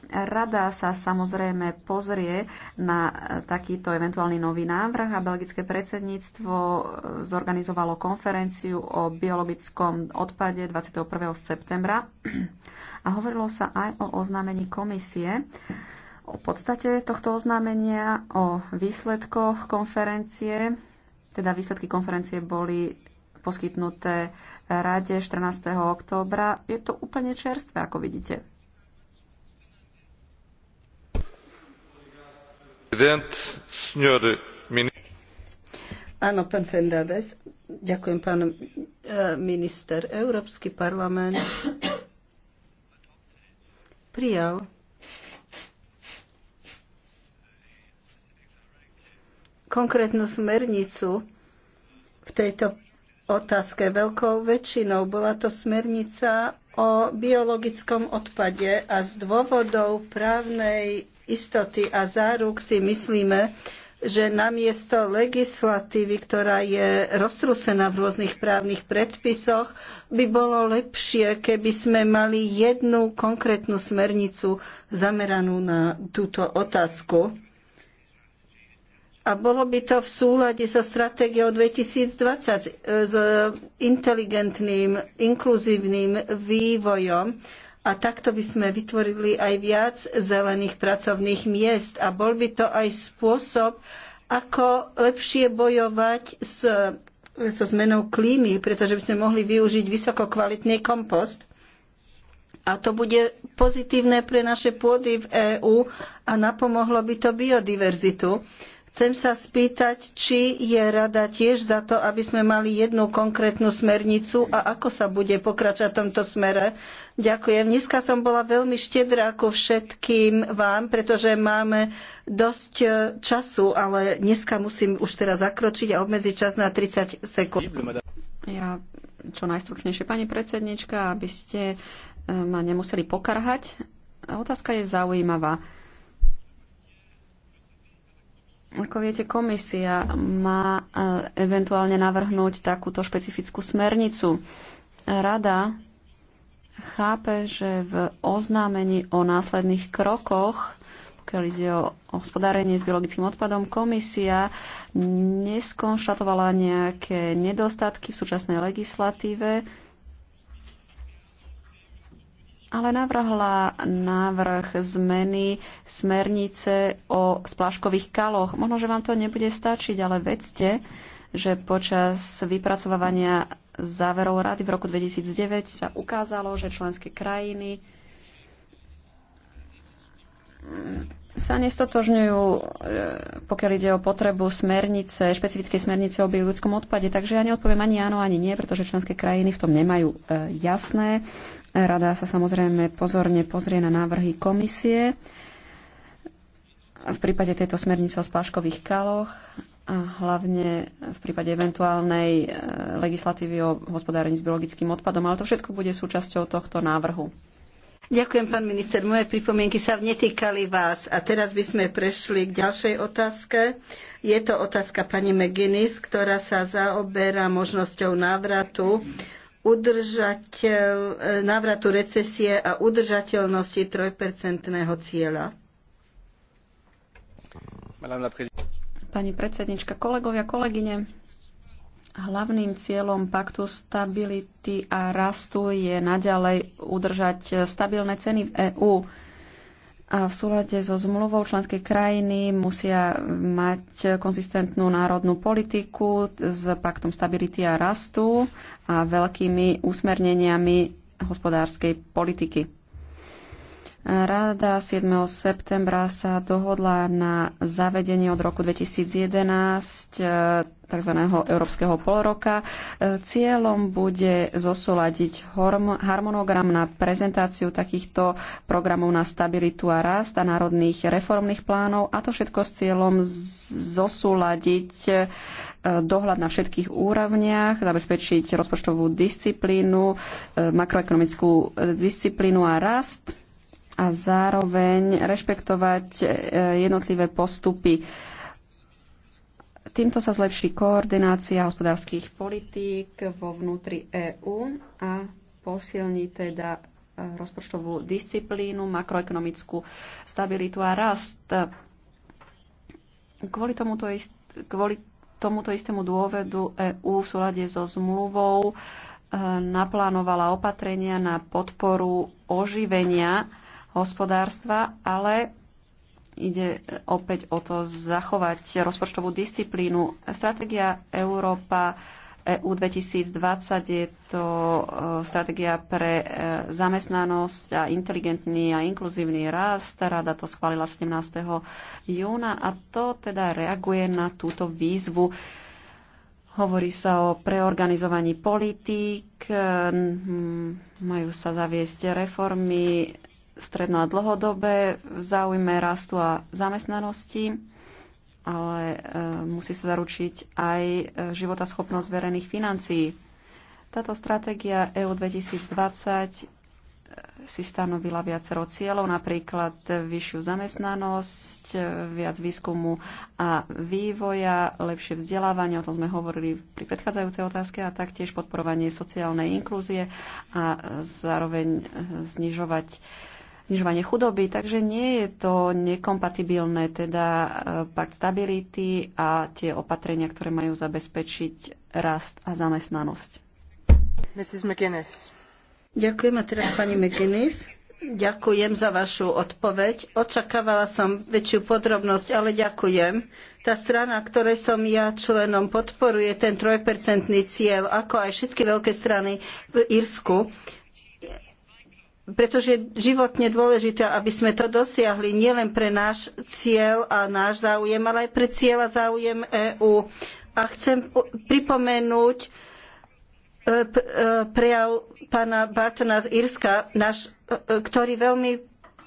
Rada sa samozrejme pozrie na e, takýto eventuálny nový návrh a belgické predsedníctvo e, zorganizovalo konferenciu o biologickom odpade 21. septembra [clears throat] a hovorilo sa aj o oznámení komisie, o podstate tohto oznámenia, o výsledkoch konferencie. Teda výsledky konferencie boli poskytnuté Rade 14. októbra. Je to úplne čerstvé, ako vidíte. Áno, pán Ďakujem, pán eh, minister. Európsky parlament prijal konkrétnu smernicu v tejto otázke veľkou väčšinou. Bola to smernica o biologickom odpade a z dôvodov právnej istoty a záruk si myslíme, že namiesto legislatívy, ktorá je roztrúsená v rôznych právnych predpisoch, by bolo lepšie, keby sme mali jednu konkrétnu smernicu zameranú na túto otázku. A bolo by to v súlade so stratégiou 2020, s inteligentným, inkluzívnym vývojom a takto by sme vytvorili aj viac zelených pracovných miest a bol by to aj spôsob, ako lepšie bojovať s, so zmenou klímy, pretože by sme mohli využiť vysokokvalitný kompost. A to bude pozitívne pre naše pôdy v EÚ a napomohlo by to biodiverzitu. Chcem sa spýtať, či je rada tiež za to, aby sme mali jednu konkrétnu smernicu a ako sa bude pokračovať v tomto smere. Ďakujem. Dneska som bola veľmi štedrá ku všetkým vám, pretože máme dosť e, času, ale dneska musím už teraz zakročiť a obmedziť čas na 30 sekúnd. Ja čo najstručnejšie, pani predsednička, aby ste e, ma nemuseli pokarhať. Otázka je zaujímavá ako viete, komisia má e, eventuálne navrhnúť takúto špecifickú smernicu. Rada chápe, že v oznámení o následných krokoch, pokiaľ ide o hospodárenie s biologickým odpadom, komisia neskonštatovala nejaké nedostatky v súčasnej legislatíve, ale navrhla návrh zmeny smernice o spláškových kaloch. Možno, že vám to nebude stačiť, ale vedzte, že počas vypracovania záverov rady v roku 2009 sa ukázalo, že členské krajiny sa nestotožňujú, e, pokiaľ ide o potrebu smernice, špecifickej smernice o biologickom odpade. Takže ja neodpoviem ani áno, ani nie, pretože členské krajiny v tom nemajú e, jasné. Rada sa samozrejme pozorne pozrie na návrhy komisie v prípade tejto smernice o spáškových kaloch a hlavne v prípade eventuálnej e, legislatívy o hospodárení s biologickým odpadom. Ale to všetko bude súčasťou tohto návrhu. Ďakujem, pán minister. Moje pripomienky sa netýkali vás. A teraz by sme prešli k ďalšej otázke. Je to otázka pani McGuinness, ktorá sa zaoberá možnosťou návratu udržateľ, návratu recesie a udržateľnosti trojpercentného cieľa. Pani predsednička, kolegovia, kolegyne, Hlavným cieľom paktu stability a rastu je naďalej udržať stabilné ceny v EÚ. A v súlade so zmluvou členské krajiny musia mať konzistentnú národnú politiku s paktom stability a rastu a veľkými usmerneniami hospodárskej politiky. Rada 7. septembra sa dohodla na zavedenie od roku 2011 e, tzv. európskeho polroka. E, cieľom bude zosúľadiť harmonogram na prezentáciu takýchto programov na stabilitu a rast a národných reformných plánov a to všetko s cieľom zosúľadiť e, dohľad na všetkých úrovniach, zabezpečiť rozpočtovú disciplínu, makroekonomickú disciplínu a rast a zároveň rešpektovať e, jednotlivé postupy. Týmto sa zlepší koordinácia hospodárskych politík vo vnútri EÚ a posilní teda e, rozpočtovú disciplínu, makroekonomickú stabilitu a rast. Kvôli tomuto, ist, kvôli tomuto istému dôvedu EÚ v súlade so zmluvou e, naplánovala opatrenia na podporu oživenia hospodárstva, ale ide opäť o to zachovať rozpočtovú disciplínu. Stratégia Európa EU 2020 je to e, stratégia pre e, zamestnanosť a inteligentný a inkluzívny rast. Rada to schválila 17. júna a to teda reaguje na túto výzvu. Hovorí sa o preorganizovaní politík, majú sa zaviesť reformy, stredno a dlhodobé v záujme rastu a zamestnanosti, ale e, musí sa zaručiť aj e, schopnosť verejných financií. Táto stratégia EU 2020 e, si stanovila viacero cieľov, napríklad vyššiu zamestnanosť, viac výskumu a vývoja, lepšie vzdelávanie, o tom sme hovorili pri predchádzajúcej otázke, a taktiež podporovanie sociálnej inklúzie a zároveň znižovať znižovanie chudoby, takže nie je to nekompatibilné, teda e, pakt stability a tie opatrenia, ktoré majú zabezpečiť rast a zamestnanosť. Mrs. McGuinness. Ďakujem a teraz pani McGuinness. Ďakujem za vašu odpoveď. Očakávala som väčšiu podrobnosť, ale ďakujem. Tá strana, ktorej som ja členom, podporuje ten trojpercentný cieľ, ako aj všetky veľké strany v Írsku pretože je životne dôležité, aby sme to dosiahli nielen pre náš cieľ a náš záujem, ale aj pre cieľ a záujem EÚ. A chcem pripomenúť e, e, prejav pána Bartona z Írska, e, ktorý veľmi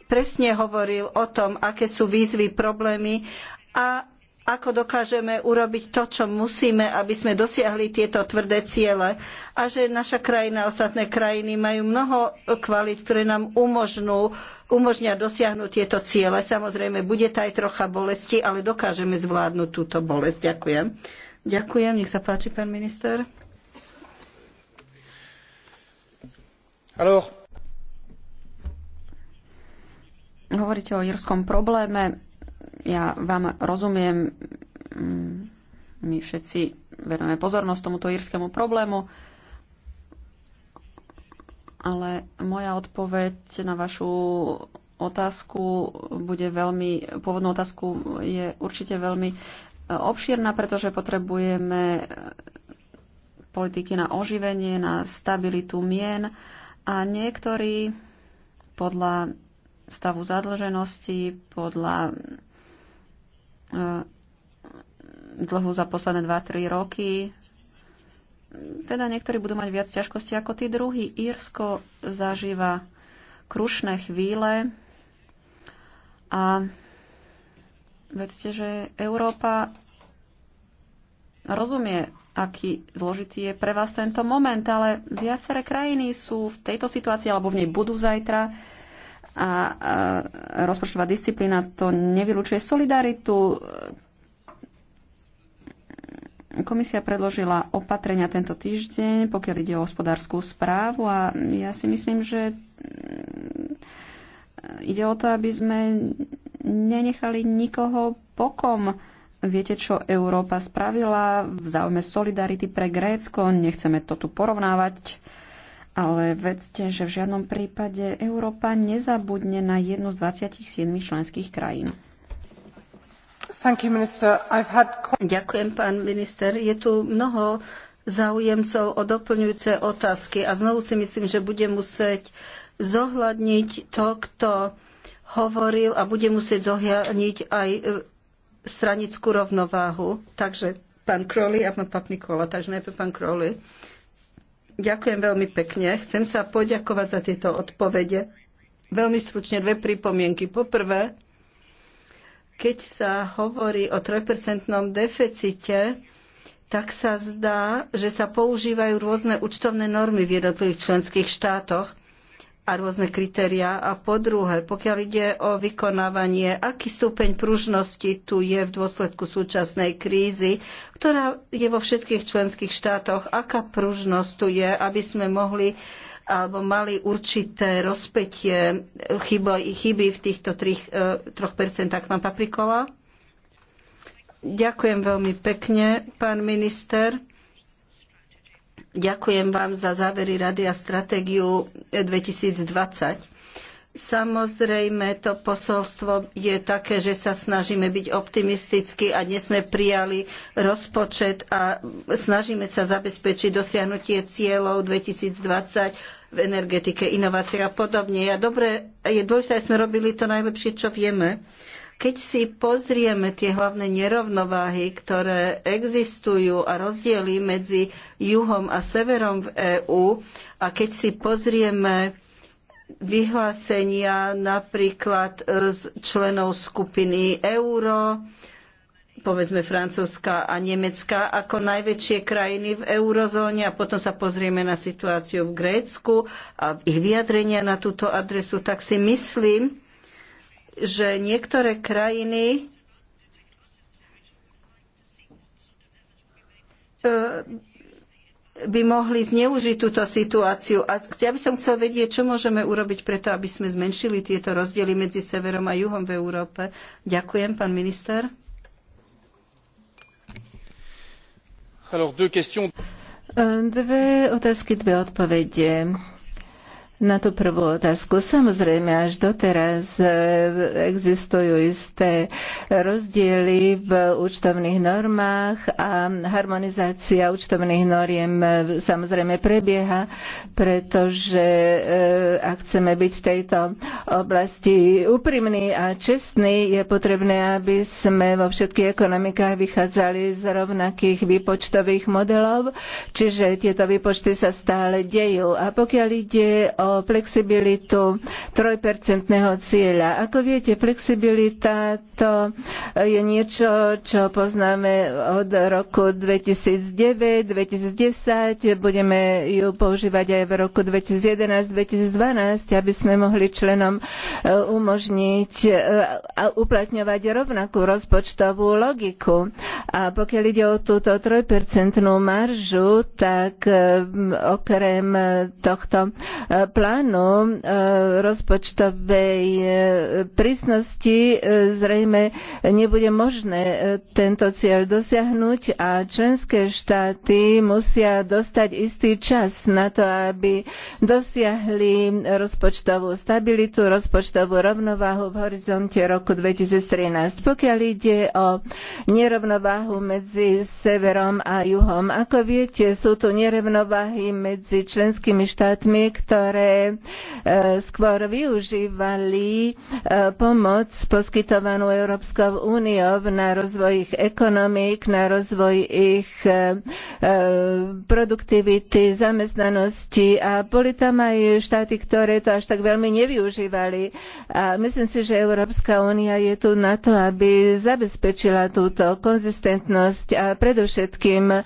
presne hovoril o tom, aké sú výzvy, problémy a ako dokážeme urobiť to, čo musíme, aby sme dosiahli tieto tvrdé ciele. A že naša krajina a ostatné krajiny majú mnoho kvalít, ktoré nám umožnú, umožnia dosiahnuť tieto ciele. Samozrejme, bude to aj trocha bolesti, ale dokážeme zvládnuť túto bolesť. Ďakujem. Ďakujem, nech sa páči, pán minister. Alors. Hovoríte o írskom probléme ja vám rozumiem, my všetci verujeme pozornosť tomuto írskému problému, ale moja odpoveď na vašu otázku bude veľmi, pôvodnú otázku je určite veľmi e, obšírna, pretože potrebujeme politiky na oživenie, na stabilitu mien a niektorí podľa stavu zadlženosti, podľa E, dlhu za posledné 2-3 roky. Teda niektorí budú mať viac ťažkosti ako tí druhí. Írsko zažíva krušné chvíle a vedzte, že Európa rozumie, aký zložitý je pre vás tento moment, ale viaceré krajiny sú v tejto situácii alebo v nej budú zajtra a rozpočtová disciplína to nevylučuje solidaritu. E, komisia predložila opatrenia tento týždeň, pokiaľ ide o hospodárskú správu a ja si myslím, že e, ide o to, aby sme nenechali nikoho pokom. Viete, čo Európa spravila v záujme solidarity pre Grécko? Nechceme to tu porovnávať ale vedzte, že v žiadnom prípade Európa nezabudne na jednu z 27 členských krajín. You, had... Ďakujem, pán minister. Je tu mnoho záujemcov o doplňujúce otázky a znovu si myslím, že bude musieť zohľadniť to, kto hovoril a bude musieť zohľadniť aj e, stranickú rovnováhu. Takže pán Crowley a pán Papnikola. Takže najprv pán Crowley. Ďakujem veľmi pekne. Chcem sa poďakovať za tieto odpovede. Veľmi stručne dve pripomienky. Poprvé, keď sa hovorí o 3% deficite, tak sa zdá, že sa používajú rôzne účtovné normy v jednotlivých členských štátoch a rôzne kritériá. A po druhé, pokiaľ ide o vykonávanie, aký stupeň pružnosti tu je v dôsledku súčasnej krízy, ktorá je vo všetkých členských štátoch, aká pružnosť tu je, aby sme mohli alebo mali určité rozpetie chyby, v týchto 3, e, percentách, pán Paprikola. Ďakujem veľmi pekne, pán minister. Ďakujem vám za závery Rady a stratégiu 2020. Samozrejme, to posolstvo je také, že sa snažíme byť optimisticky, a dnes sme prijali rozpočet a snažíme sa zabezpečiť dosiahnutie cieľov 2020 v energetike, inovácie a podobne. A dobre, je dôležité, aby sme robili to najlepšie, čo vieme. Keď si pozrieme tie hlavné nerovnováhy, ktoré existujú a rozdiely medzi juhom a severom v EÚ a keď si pozrieme vyhlásenia napríklad e, z členov skupiny euro, povedzme Francúzska a Nemecka ako najväčšie krajiny v eurozóne a potom sa pozrieme na situáciu v Grécku a ich vyjadrenia na túto adresu, tak si myslím, že niektoré krajiny e, by mohli zneužiť túto situáciu. A ja by som chcel vedieť, čo môžeme urobiť preto, aby sme zmenšili tieto rozdiely medzi severom a juhom v Európe. Ďakujem, pán minister. Dve otázky, dve odpovede. Na tú prvú otázku. Samozrejme, až doteraz e, existujú isté rozdiely v účtovných normách a harmonizácia účtovných noriem e, samozrejme prebieha, pretože e, ak chceme byť v tejto oblasti úprimní a čestní, je potrebné, aby sme vo všetkých ekonomikách vychádzali z rovnakých výpočtových modelov, čiže tieto výpočty sa stále dejú. A pokiaľ ide o o flexibilitu trojpercentného cieľa. Ako viete, flexibilita to je niečo, čo poznáme od roku 2009, 2010. Budeme ju používať aj v roku 2011, 2012, aby sme mohli členom e, umožniť e, a uplatňovať rovnakú rozpočtovú logiku. A pokiaľ ide o túto trojpercentnú maržu, tak e, okrem tohto plánu e, rozpočtovej e, prísnosti e, zrejme nebude možné tento cieľ dosiahnuť a členské štáty musia dostať istý čas na to, aby dosiahli rozpočtovú stabilitu, rozpočtovú rovnováhu v horizonte roku 2013. Pokiaľ ide o nerovnováhu medzi severom a juhom, ako viete, sú tu nerovnováhy medzi členskými štátmi, ktoré E, skôr využívali e, pomoc poskytovanú Európskou úniou na rozvoj ich ekonomík, na rozvoj ich e, produktivity, zamestnanosti a boli tam aj štáty, ktoré to až tak veľmi nevyužívali. A myslím si, že Európska únia je tu na to, aby zabezpečila túto konzistentnosť a predovšetkým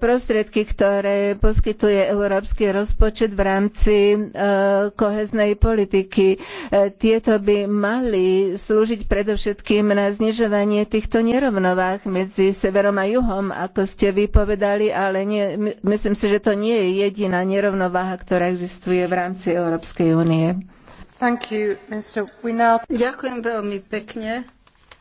prostriedky, ktoré poskytuje európsky rozpočet v rámci Eh, koheznej politiky. Eh, tieto by mali slúžiť predovšetkým na znižovanie týchto nerovnovách medzi severom a juhom, ako ste vypovedali, ale nie, myslím si, že to nie je jediná nerovnováha, ktorá existuje v rámci Európskej únie. Ďakujem veľmi pekne.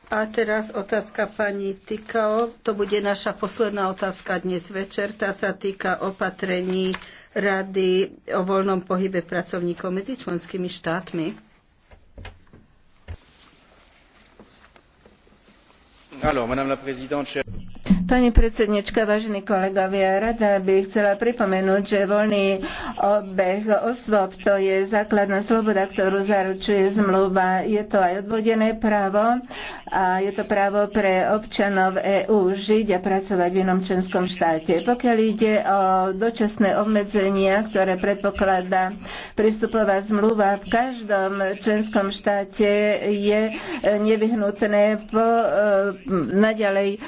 A teraz otázka pani Tikao. To bude naša posledná otázka dnes večer. Tá sa týka opatrení Rady o voľnom pohybe pracovníkov medzi členskými štátmi. Pani predsednička, vážení kolegovia, rada by chcela pripomenúť, že voľný obeh osôb to je základná sloboda, ktorú zaručuje zmluva. Je to aj odvodené právo a je to právo pre občanov EÚ žiť a pracovať v inom členskom štáte. Pokiaľ ide o dočasné obmedzenia, ktoré predpokladá prístupová zmluva, v každom členskom štáte je nevyhnutné po naďalej eh,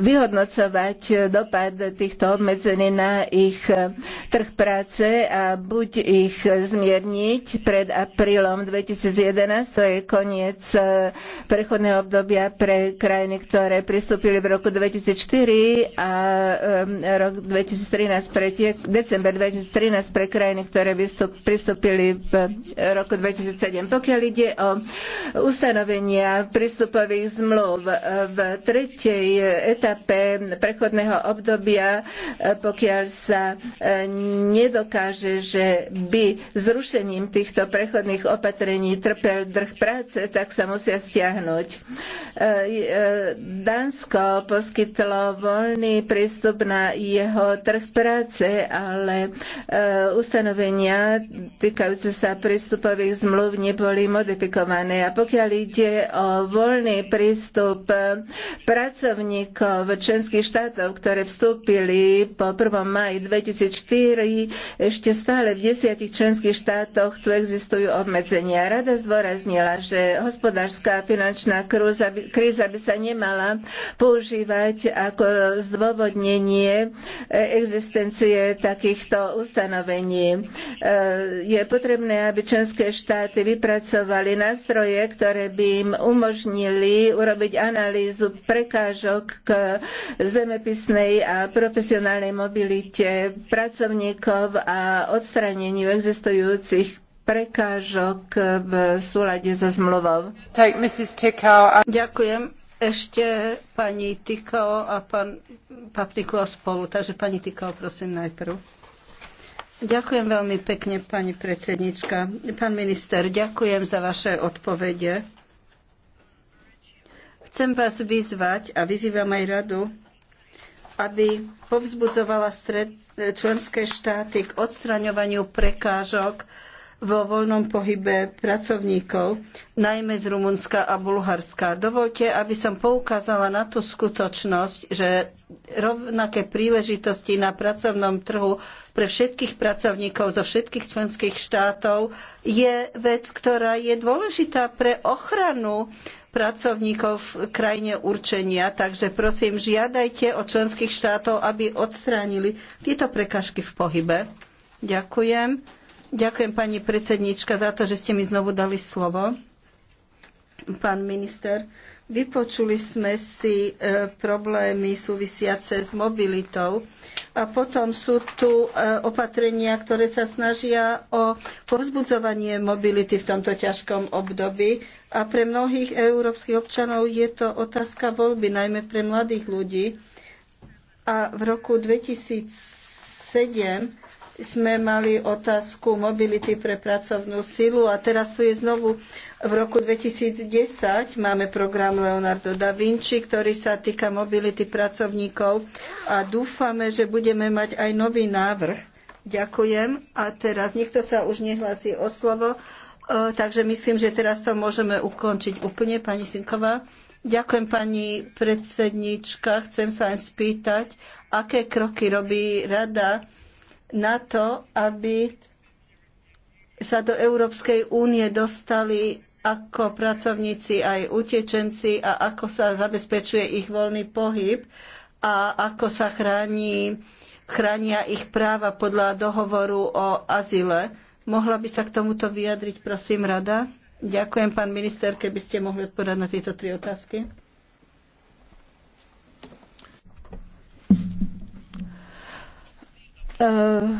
vyhodnocovať dopad týchto obmedzení na ich eh, trh práce a buď ich zmierniť pred aprílom 2011, to je koniec eh, prechodného obdobia pre krajiny, ktoré pristúpili v roku 2004 a rok 2013 pre tie, december 2013 pre krajiny, ktoré pristúpili v roku 2007. Pokiaľ ide o ustanovenia prístupových zmluv. V tretej etape prechodného obdobia, eh, pokiaľ sa eh, nedokáže, že by zrušením týchto prechodných opatrení trpel drh práce, tak sa musia stiahnuť. Eh, Dánsko poskytlo voľný prístup na jeho trh práce, ale ustanovenia týkajúce sa prístupových zmluv neboli modifikované. A pokiaľ ide o voľný prístup, prístup pracovníkov členských štátov, ktoré vstúpili po 1. maji 2004, ešte stále v desiatich členských štátoch tu existujú obmedzenia. Rada zdôraznila, že hospodárska a finančná krúza, kríza by sa nemala používať ako zdôvodnenie existencie takýchto ustanovení. E, je potrebné, aby členské štáty vypracovali nástroje, ktoré by im umožnili urobiť analýzu prekážok k zemepisnej a profesionálnej mobilite pracovníkov a odstraneniu existujúcich prekážok v súlade so zmluvou. Ďakujem. Ešte pani Tikao a pán Papniku a spolu. Takže pani Tikao, prosím najprv. Ďakujem veľmi pekne, pani predsednička. Pán minister, ďakujem za vaše odpovede. Chcem vás vyzvať a vyzývam aj radu, aby povzbudzovala stred, členské štáty k odstraňovaniu prekážok vo voľnom pohybe pracovníkov, najmä z Rumunska a Bulharska. Dovolte, aby som poukázala na tú skutočnosť, že rovnaké príležitosti na pracovnom trhu pre všetkých pracovníkov zo všetkých členských štátov je vec, ktorá je dôležitá pre ochranu pracovníkov v krajine určenia. Takže prosím, žiadajte od členských štátov, aby odstránili tieto prekažky v pohybe. Ďakujem. Ďakujem pani predsednička za to, že ste mi znovu dali slovo pán minister. Vypočuli sme si e, problémy súvisiace s mobilitou a potom sú tu e, opatrenia, ktoré sa snažia o povzbudzovanie mobility v tomto ťažkom období. A pre mnohých európskych občanov je to otázka voľby, najmä pre mladých ľudí. A v roku 2007 sme mali otázku mobility pre pracovnú silu a teraz tu je znovu v roku 2010 máme program Leonardo da Vinci, ktorý sa týka mobility pracovníkov a dúfame, že budeme mať aj nový návrh. Ďakujem. A teraz nikto sa už nehlasí o slovo, e, takže myslím, že teraz to môžeme ukončiť úplne, pani Sinková. Ďakujem, pani predsednička. Chcem sa aj spýtať, aké kroky robí rada na to, aby sa do Európskej únie dostali ako pracovníci aj utečenci a ako sa zabezpečuje ich voľný pohyb a ako sa chráni, chránia ich práva podľa dohovoru o azile. Mohla by sa k tomuto vyjadriť, prosím, rada? Ďakujem, pán minister, keby ste mohli odpovedať na tieto tri otázky. Uh,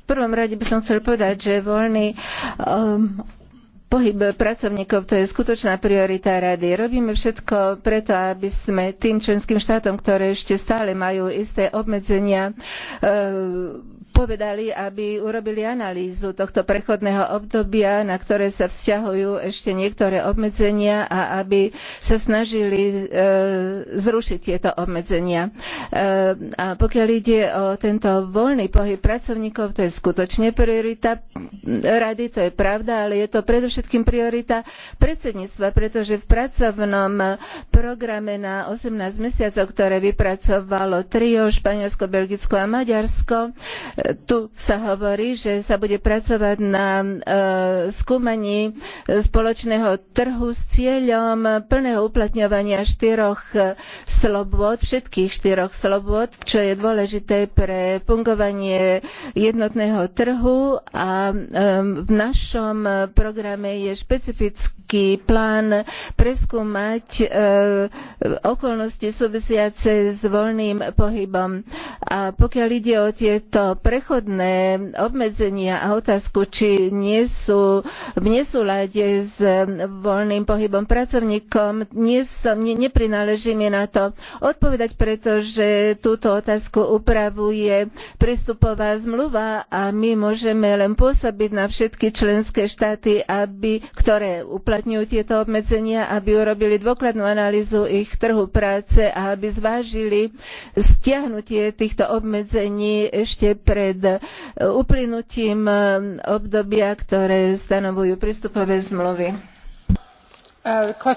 v prvom rade by som chcel povedať, že voľný um, pohyb pracovníkov, to je skutočná priorita rady. Robíme všetko preto, aby sme tým členským štátom, ktoré ešte stále majú isté obmedzenia, povedali, aby urobili analýzu tohto prechodného obdobia, na ktoré sa vzťahujú ešte niektoré obmedzenia a aby sa snažili e, zrušiť tieto obmedzenia. E, a pokiaľ ide o tento voľný pohyb pracovníkov, to je skutočne priorita rady, to je pravda, ale je to predovšetkým priorita predsedníctva, pretože v pracovnom programe na 18 mesiacov, ktoré vypracovalo trio Španielsko, Belgicko a Maďarsko, tu sa hovorí, že sa bude pracovať na e, skúmaní spoločného trhu s cieľom plného uplatňovania štyroch e, slobôd, všetkých štyroch slobôd, čo je dôležité pre fungovanie jednotného trhu a e, v našom programe je špecifický plán preskúmať okolnosti súvisiace s voľným pohybom. A pokiaľ ide o tieto prechodné obmedzenia a otázku, či nie sú v nesúlade s eh, voľným pohybom pracovníkom, nie som, neprináleží mi na to odpovedať, pretože túto otázku upravuje prístupová zmluva a my môžeme len pôsobiť na všetky členské štáty, aby, ktoré uplatňujú tieto obmedzenia, aby urobili dôkladnú analýzu ich trhu práce a aby zvážili stiahnutie týchto obmedzení ešte pre pred eh, uplynutím eh, obdobia, ktoré stanovujú prístupové zmluvy. Uh, uh,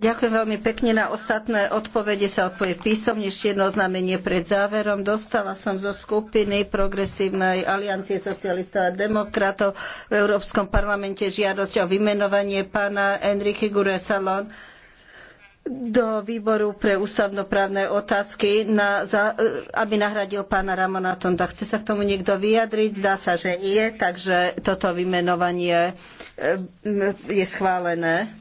Ďakujem veľmi pekne. Na ostatné odpovede sa odpovie písomne. Ešte jedno oznámenie pred záverom. Dostala som zo skupiny Progresívnej aliancie socialistov a demokratov v Európskom parlamente žiadosť o vymenovanie pána Enrique Guresalon do výboru pre ústavnoprávne otázky, na, za, e, aby nahradil pána Ramona Tonda. Chce sa k tomu niekto vyjadriť? Zdá sa, že nie, takže toto vymenovanie e, je schválené.